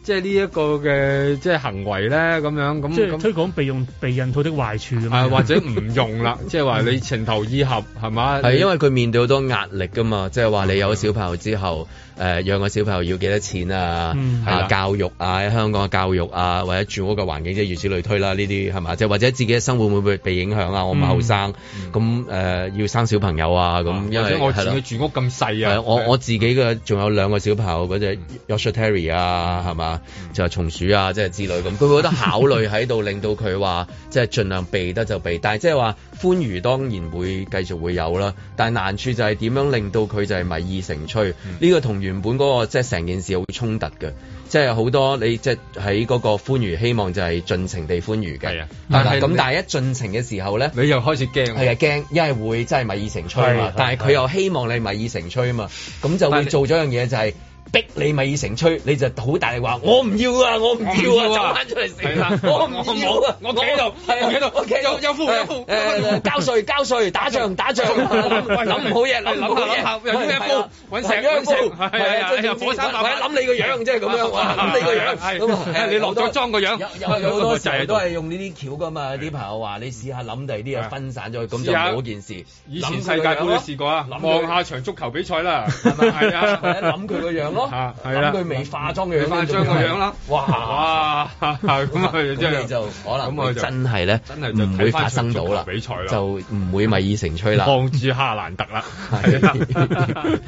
即係呢一個嘅即係行為咧咁樣咁，樣即係推廣避孕避孕套的壞處的啊，或者唔用啦，即係話你情投意合係 吧嘛？係因為佢面對好多壓力噶嘛，即係話你有小朋友之後。誒養、呃、個小朋友要幾多錢啊？嗯、啊，啊教育啊，喺香港嘅教育啊，或者住屋嘅環境即係、就是、如此類推啦、啊。呢啲係嘛？即係或者自己嘅生活會唔會被影響啊？嗯、我唔後生，咁誒、嗯呃、要生小朋友啊，咁有時我住嘅住屋咁細啊。我我自己嘅仲有兩個小朋友嗰隻 Joshua Terry 啊，係嘛？就係、嗯、松鼠啊，即、就、係、是、之類咁。佢會覺得考慮喺度， 令到佢話即係盡量避得就避，但係即係話。歡愉當然會繼續會有啦，但係難處就係點樣令到佢就係咪異成吹。呢、嗯、個同原本嗰、那個即係成件事好衝突嘅，即係好多你即係喺嗰個歡愉希望就係盡情地歡愉嘅。係啊，嗱咁但係是你一盡情嘅時候咧，你又開始驚。係啊，驚，因為會真係咪異成吹啊嘛。但係佢又希望你咪異成吹啊嘛，咁就會做咗樣嘢就係、是。逼你咪成吹，你就好大力話我唔要啊！我唔要啊！我唔好啊！我企度，係企度，企度，有有副交稅，交稅，打仗，打仗，諗唔好嘢，諗唔好嘢，揾嘢做，揾成樣做，係啊，諗你個樣即係咁樣，諗你個樣，你落咗妝個樣，有好多就係都係用呢啲橋噶嘛？啲朋友話你試下諗第啲嘢分散咗，咁就冇件事。以前世界盃都試過啊，望下場足球比賽啦，係咪？係啊，諗佢個樣。咯，揾佢未化妝嘅樣，翻張個樣啦，哇咁佢即係就可能咁佢真係咧，真係唔會發生到啦，比賽啦，就唔會咪以成吹啦，望住哈蘭特啦，係，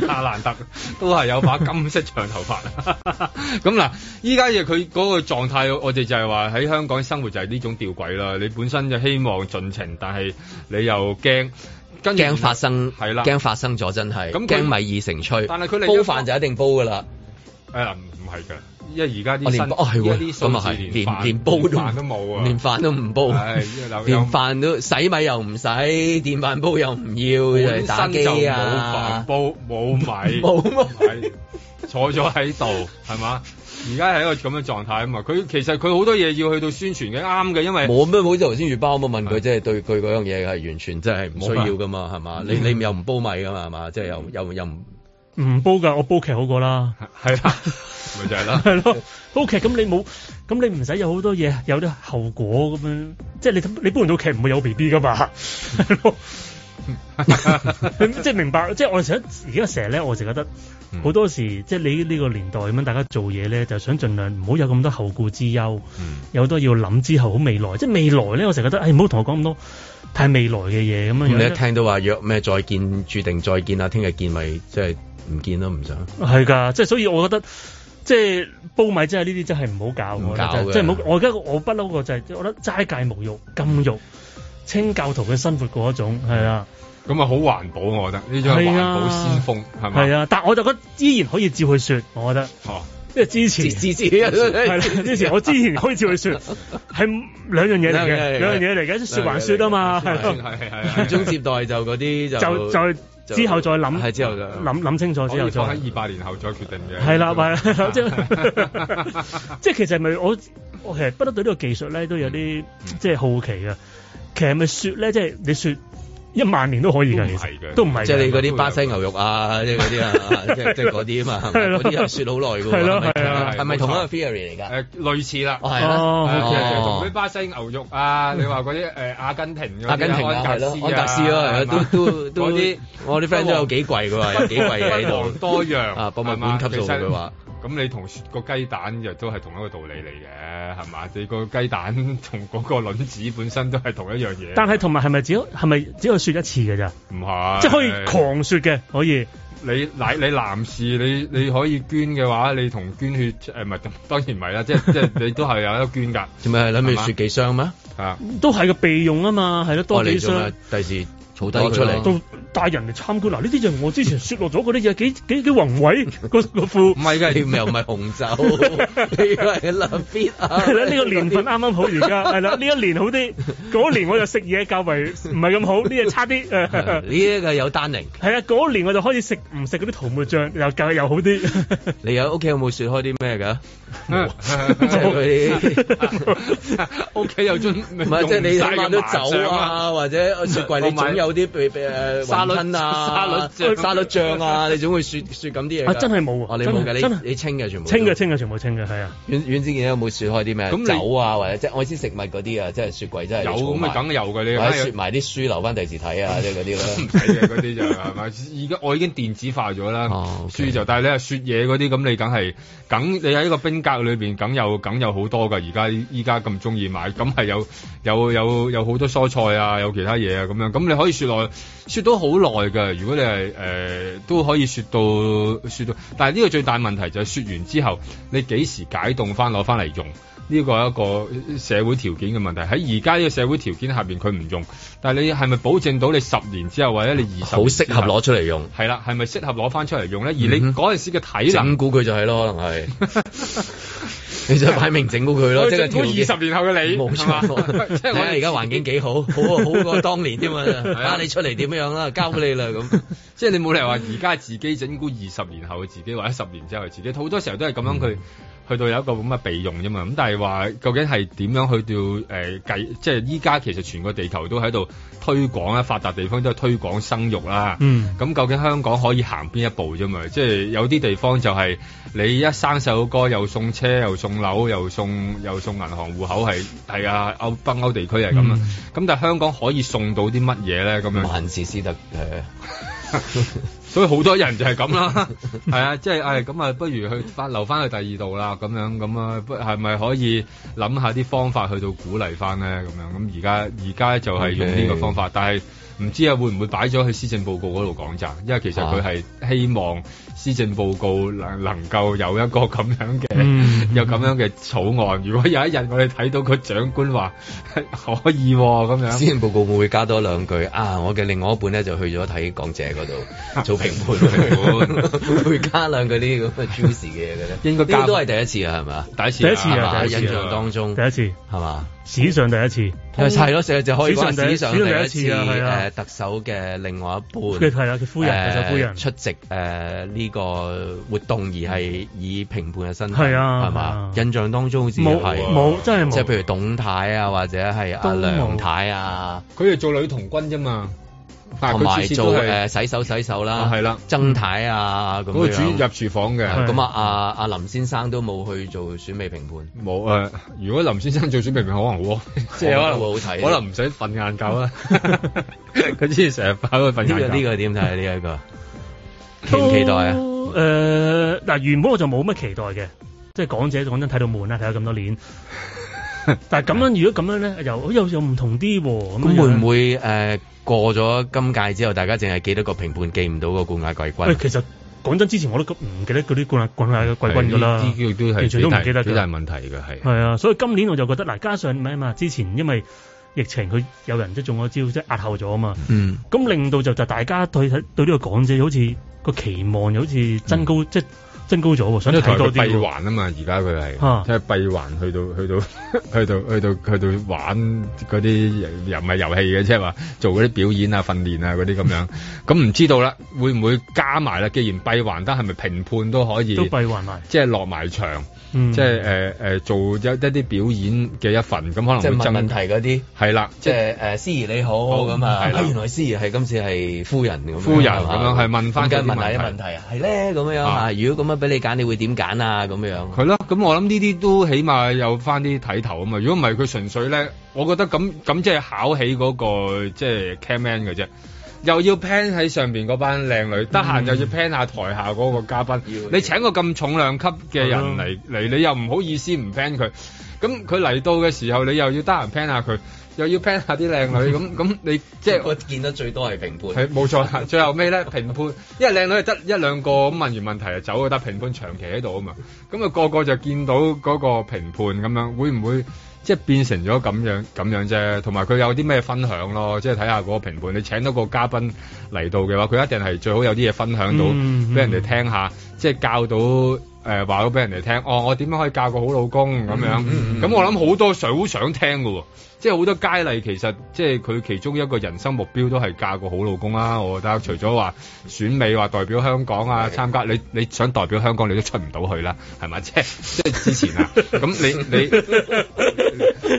哈蘭特都係有把金色長頭髮，咁嗱，依家嘢佢嗰個狀態，我哋就係話喺香港生活就係呢種吊詭啦，你本身就希望盡情，但係你又驚。驚發生係啦，驚發生咗真係。咁驚米已成炊，但係佢哋煲飯就一定煲噶啦。誒，唔係噶，因為而家啲哦係喎，咁啊係，連連煲都都冇啊，連飯都唔煲。係，連飯都洗米又唔使，電飯煲又唔要，真就冇飯煲，冇米，冇米，坐咗喺度係嘛？而家喺一個咁嘅狀態啊嘛，佢其實佢好多嘢要去到宣傳嘅，啱嘅，因為冇咩好似頭先月包咁啊，問佢即係對佢嗰樣嘢係完全即係唔需要噶嘛，係嘛，你你又唔煲米噶嘛，係嘛，即係又又又唔唔煲噶，我煲劇好過啦，係啦，咪就係咯，係咯，煲劇咁你冇，咁你唔使有好多嘢，有啲後果咁樣，即係你你煲唔到劇唔會有 B B 噶嘛，即係明白，即係我成日而家成日咧，我就覺得。好、嗯、多時即係你呢個年代咁樣，大家做嘢咧，就想盡量唔好有咁多後顧之憂。嗯、有好多要諗之後好未來，即係未來咧，我成日覺得，哎，唔好同我講咁多太未來嘅嘢咁樣。嗯、你一聽到話約咩再見，注定再見啊！聽日見咪即係唔見咯，唔想。係噶，即係所以我覺得，即係煲米，即係呢啲真係唔好搞。即係好。我而家我不嬲個就係，我就覺得齋戒無欲禁欲，清教徒嘅生活嗰一種係啦。嗯咁啊，好環保，我覺得呢種環保先鋒係咪？係啊，但我就覺得依然可以照佢説，我覺得哦，即係之前，之前我之前可以照佢説，係兩樣嘢嚟嘅，兩樣嘢嚟嘅，説還説啊嘛，係係係，傳宗接代就嗰啲就就之後再諗係之後就諗諗清楚之後再喺二百年後再決定嘅係啦，即即係其實係咪我其實不嬲對呢個技術咧都有啲即係好奇啊。其實係咪説咧？即係你説。一萬年都可以嘅，其實都唔係嘅，即係你嗰啲巴西牛肉啊，即係嗰啲啊，即係即係嗰啲啊嘛，嗰啲又雪好耐嘅喎。係咯，係啊，係咪同一個 theory 嚟㗎？誒，類似啦，係啦，好似同巴西牛肉啊，你話嗰啲誒阿根廷阿根廷安格斯啊，安格斯咯，係都都都啲，我啲 friend 都有幾貴㗎有幾貴喺度，多樣啊，博物館級數嘅話。咁、嗯、你同個雞蛋又都係同一個道理嚟嘅，係嘛？你個雞蛋同嗰個卵子本身都係同一樣嘢。但係同埋係咪只係咪只有雪一次㗎啫？唔係是，即係可以狂雪嘅，可以。你男你男士你你可以捐嘅話，你同捐血誒唔係當然唔係啦，即係 即係你都係有得捐㗎。咁咪諗住雪幾箱咩？啊嗎，都係個備用啊嘛，係咯，多幾箱。嚟第時儲低咗出嚟，都帶人嚟參觀嗱，呢啲就係我之前雪落咗嗰啲嘢，幾幾幾宏偉個個副。唔係，依家啲又唔係紅酒，依家係兩邊啊！呢個年份啱啱好，而家係啦，呢一年好啲，嗰年我就食嘢較為唔係咁好，呢個差啲。呢個有單寧。係啊，嗰年我就開始食唔食嗰啲桃木醬又較又好啲。你有屋企有冇雪開啲咩㗎？即係屋企有樽，唔係即係你成晚都走啊，或者雪櫃你總有。嗰啲被被誒沙律啊，沙律沙律醬啊，你總會雪雪緊啲嘢真係冇。我、哦、你冇的你，你清嘅全部清嘅清嘅全部清嘅係啊。袁袁子健有冇雪開啲咩？咁，你酒啊，或者即係愛滋食物嗰啲的啊，即係雪櫃真係有。咁咪梗有㗎，你雪埋啲書留翻第時睇啊，即係嗰啲咧。唔睇嘅嗰啲就係咪？而家我已經電子化咗啦，啊 okay. 書就。但係你係雪嘢嗰啲，咁你梗係。梗你喺呢個冰格裏邊，梗有梗有好多噶。而家依家咁中意買，咁係有有有有好多蔬菜啊，有其他嘢啊咁樣。咁你可以雪耐，雪到好耐噶。如果你係誒、呃、都可以雪到雪到，但係呢個最大問題就係雪完之後，你幾時解凍翻攞翻嚟用？呢個係一個社會條件嘅問題，喺而家呢個社會條件下邊佢唔用，但係你係咪保證到你十年之後或者你二十好適合攞出嚟用？係啦，係咪適合攞翻出嚟用咧？而你嗰陣時嘅體能，整蠱佢就係咯，可能係。 你就擺明，明整蠱佢咯，即係估二十年後嘅你。冇錯，即係我而家環境幾好，好好過當年添嘛。係啊，你出嚟點樣樣啦？交俾你啦咁。 即係你冇理由話，而家自己整蠱二十年後嘅自己，或者十年之後嘅自己，好多時候都係咁樣佢。嗯去到有一個咁嘅備用啫嘛，咁但係話究竟係點樣去到誒計、呃？即係依家其實全個地球都喺度推廣咧，發達地方都係推廣生育啦。嗯。咁究竟香港可以行邊一步啫嘛？即、就、係、是、有啲地方就係你一生細路哥又送車又送樓又送又送銀行戶口，係，係啊，歐北歐地區係咁啊，咁、嗯、但係香港可以送到啲乜嘢咧？咁樣萬事思得誒。 所以好多人就係咁啦，係 啊，即係誒咁啊，哎、不如去翻留翻去第二度啦，咁樣咁啊，是不係咪可以諗下啲方法去到鼓勵翻咧？咁樣咁而家而家就係用呢個方法，Okay. 但係。唔知啊，會唔會擺咗去施政報告嗰度講咋？因為其實佢係希望施政報告能能夠有一個咁樣嘅，嗯、有咁樣嘅草案。如果有一日我哋睇到個長官話可以咁、啊、樣，施政報告會唔會加多兩句啊？我嘅另外一半咧就去咗睇港姐嗰度做評判，會加兩句呢啲咁嘅諸事嘅嘢嘅咧，應該呢都係第一次啊？係咪？第一次呀，喺吧印象當中，第一次係嘛？史上第一次係咯，成日就可以史上第一次誒，特首嘅另外一半，係啊，佢夫人特首夫人出席誒呢個活動，而係以評判嘅身份係啊，係嘛？印象當中好似冇係冇，真係冇，即係譬如董太啊，或者係阿梁太啊，佢哋做女童軍啫嘛。同埋做誒洗手洗手啦，係啦，曾太啊咁樣。嗰個主要入廚房嘅，咁啊阿阿林先生都冇去做選美評判。冇啊！如果林先生做選美評判，可能好，即係可能會好睇，可能唔使瞓晏覺啦。佢之前成日喺度瞓晏覺。呢個呢個點睇？呢一個期唔期待啊？誒嗱，原本我就冇乜期待嘅，即係港姐講真睇到悶啦，睇咗咁多年。 但係咁樣， 如果咁樣咧，又又又唔同啲喎，啊。咁會唔會誒、呃、過咗今屆之後，大家淨係記得個評判，記唔到個冠亞季軍？誒、欸，其實講真，之前我都唔記得嗰啲冠亞冠亞嘅季軍噶啦。呢句都係完全都唔記得，幾大問題嘅係。係啊，所以今年我就覺得，嗱、啊，加上咩啊嘛，之前因為疫情，佢有人即係中咗招，即係壓後咗啊嘛。嗯。咁令到就就大家對對呢個港姐好，好似個期望又好似增高，嗯、即係。增高咗，想睇多啲。因為台佢閉環啊嘛，而家佢係即係閉環去到去到去到去到去到玩嗰啲又唔係遊戲嘅，即係話做嗰啲表演啊、訓練啊嗰啲咁樣。咁唔 知道啦，會唔會加埋啦？既然閉環得，係咪評判都可以都閉環埋即係落埋場。嗯、即係誒誒，做一一啲表演嘅一份，咁可能即係問問題嗰啲，係啦了，即係誒，思怡、呃、你好，咁啊，原來思怡係今次係夫人咁，夫人咁樣係問翻嘅問題嘅問題啊，係咧咁樣啊，如果咁樣俾你揀，你會點揀啊？咁樣，係咯，咁我諗呢啲都起碼有翻啲睇頭啊嘛。如果唔係，佢純粹咧，我覺得咁咁即係考起嗰、嗰個即係 caman 嘅啫。又要 plan 喺上邊嗰班靚女，得閒又要 plan 下台下嗰個嘉賓。嗯、你請個咁重量級嘅人嚟嚟，嗯、你又唔好意思唔 plan 佢。咁佢嚟到嘅時候，你又要得閒 plan 下佢，又要 plan 下啲靚女。咁咁、嗯、你、嗯、即係我見得最多係評判，係冇錯最後尾咧評判，因為靚女得一兩個咁問完問題就走，就得評判長期喺度啊嘛。咁、咪、啊個個就見到嗰個評判咁樣，會唔會？即係變成咗咁樣咁樣啫，同埋佢有啲咩分享咯？即係睇下嗰個評判，你請到個嘉賓嚟到嘅話，佢一定係最好有啲嘢分享到，俾、mm hmm. 人哋聽下，即係教到誒話到俾人哋聽，哦，我點樣可以教個好老公咁樣？咁、mm hmm. 我諗好多女好想聽㗎喎。即係好多佳麗，其實即係佢其中一個人生目標都係嫁個好老公啦。我覺得除咗話選美話代表香港啊，參加你你想代表香港，你都出唔到去啦，係咪？即係即係之前啊，咁你你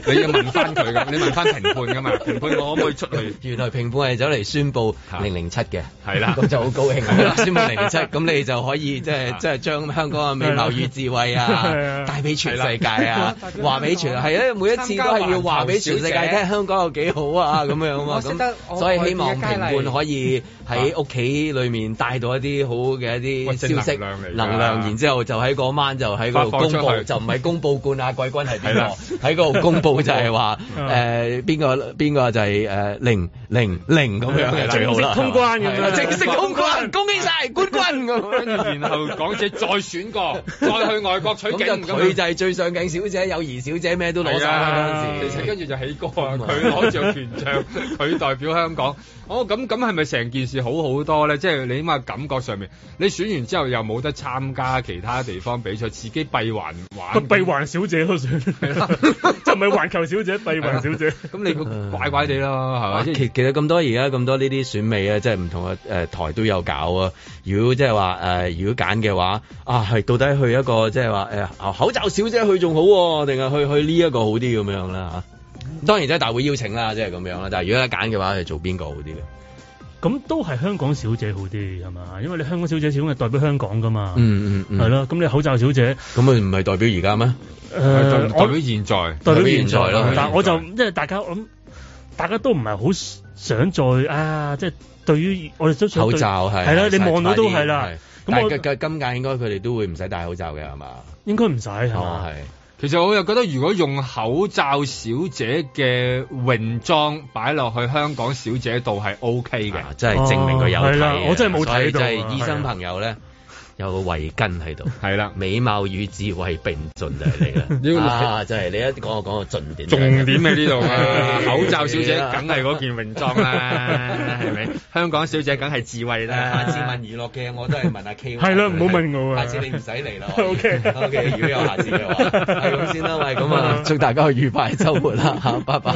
你要問翻佢噶你問翻評判噶嘛？評判我可唔可以出嚟？原來評判係走嚟宣布零零七嘅，係啦，咁就好高興啦！宣布零零七，咁你就可以即係即係將香港嘅美貌與智慧啊，帶俾全世界啊，話俾全係咧，每一次都係要話俾。全世界聽香港又幾好啊，咁樣啊嘛，咁 得所以希望評判可以。喺屋企裏面帶到一啲好嘅一啲消息、能量，然之後就喺嗰晚就喺嗰度公佈，就唔係公佈冠亞季軍係邊個，喺嗰度公佈就係話誒邊個邊個就係誒零零零咁樣嘅最好啦！正式通關嘅，正式通關，恭喜曬冠軍咁樣。然後港姐再選過，再去外國取景，佢就係最上鏡小姐、友誼小姐咩都攞曬啦。其實跟住就起歌啊，佢攞住個權杖，佢代表香港。哦，咁咁係咪成件事好好多咧？即係你起碼感覺上面，你選完之後又冇得參加其他地方比賽，自己閉環玩，閉環小姐都算， 就唔係環球小姐、閉環 小姐？咁你怪怪地囉，係嘛？ 其其實咁多而家咁多呢啲選美啊，即係唔同嘅誒、呃、台都有搞啊。如果即係話誒，如果揀嘅話啊，係到底去一個即係話誒口罩小姐去仲好，定係去去呢一個好啲咁樣啦吓？啊當然即係大會邀請啦，即係咁樣啦。但係如果一揀嘅話，係做邊個好啲嘅？咁都係香港小姐好啲係嘛？因為你香港小姐始終係代表香港噶嘛。嗯嗯嗯，係咯。咁你口罩小姐咁啊，唔係代表而家咩？代表現在，代表現在咯。但我就即係大家，諗大家都唔係好想再啊，即係對於我哋都想口罩係係啦。你望到都係啦。咁我今屆應該佢哋都會唔使戴口罩嘅係嘛？應該唔使係嘛？係。其實我又覺得，如果用口罩小姐嘅泳裝擺落去香港小姐度係 OK 嘅，即係、啊、證明佢有睇、啊。我真係冇睇到，即係醫生朋友咧。有個慧根喺度，係啦，美貌與智慧並進就係你啦，啊，就係你一講我講個重點，重點喺呢度啊！口罩小姐梗係嗰件泳裝啦，係咪？香港小姐梗係智慧啦。下次問娛樂嘅我都係問阿 K。係啦，唔好問我啊。下次你唔使嚟啦。O K O K。如果有下次嘅話，係咁先啦。喂，咁啊，祝大家愉快周末啦，拜拜。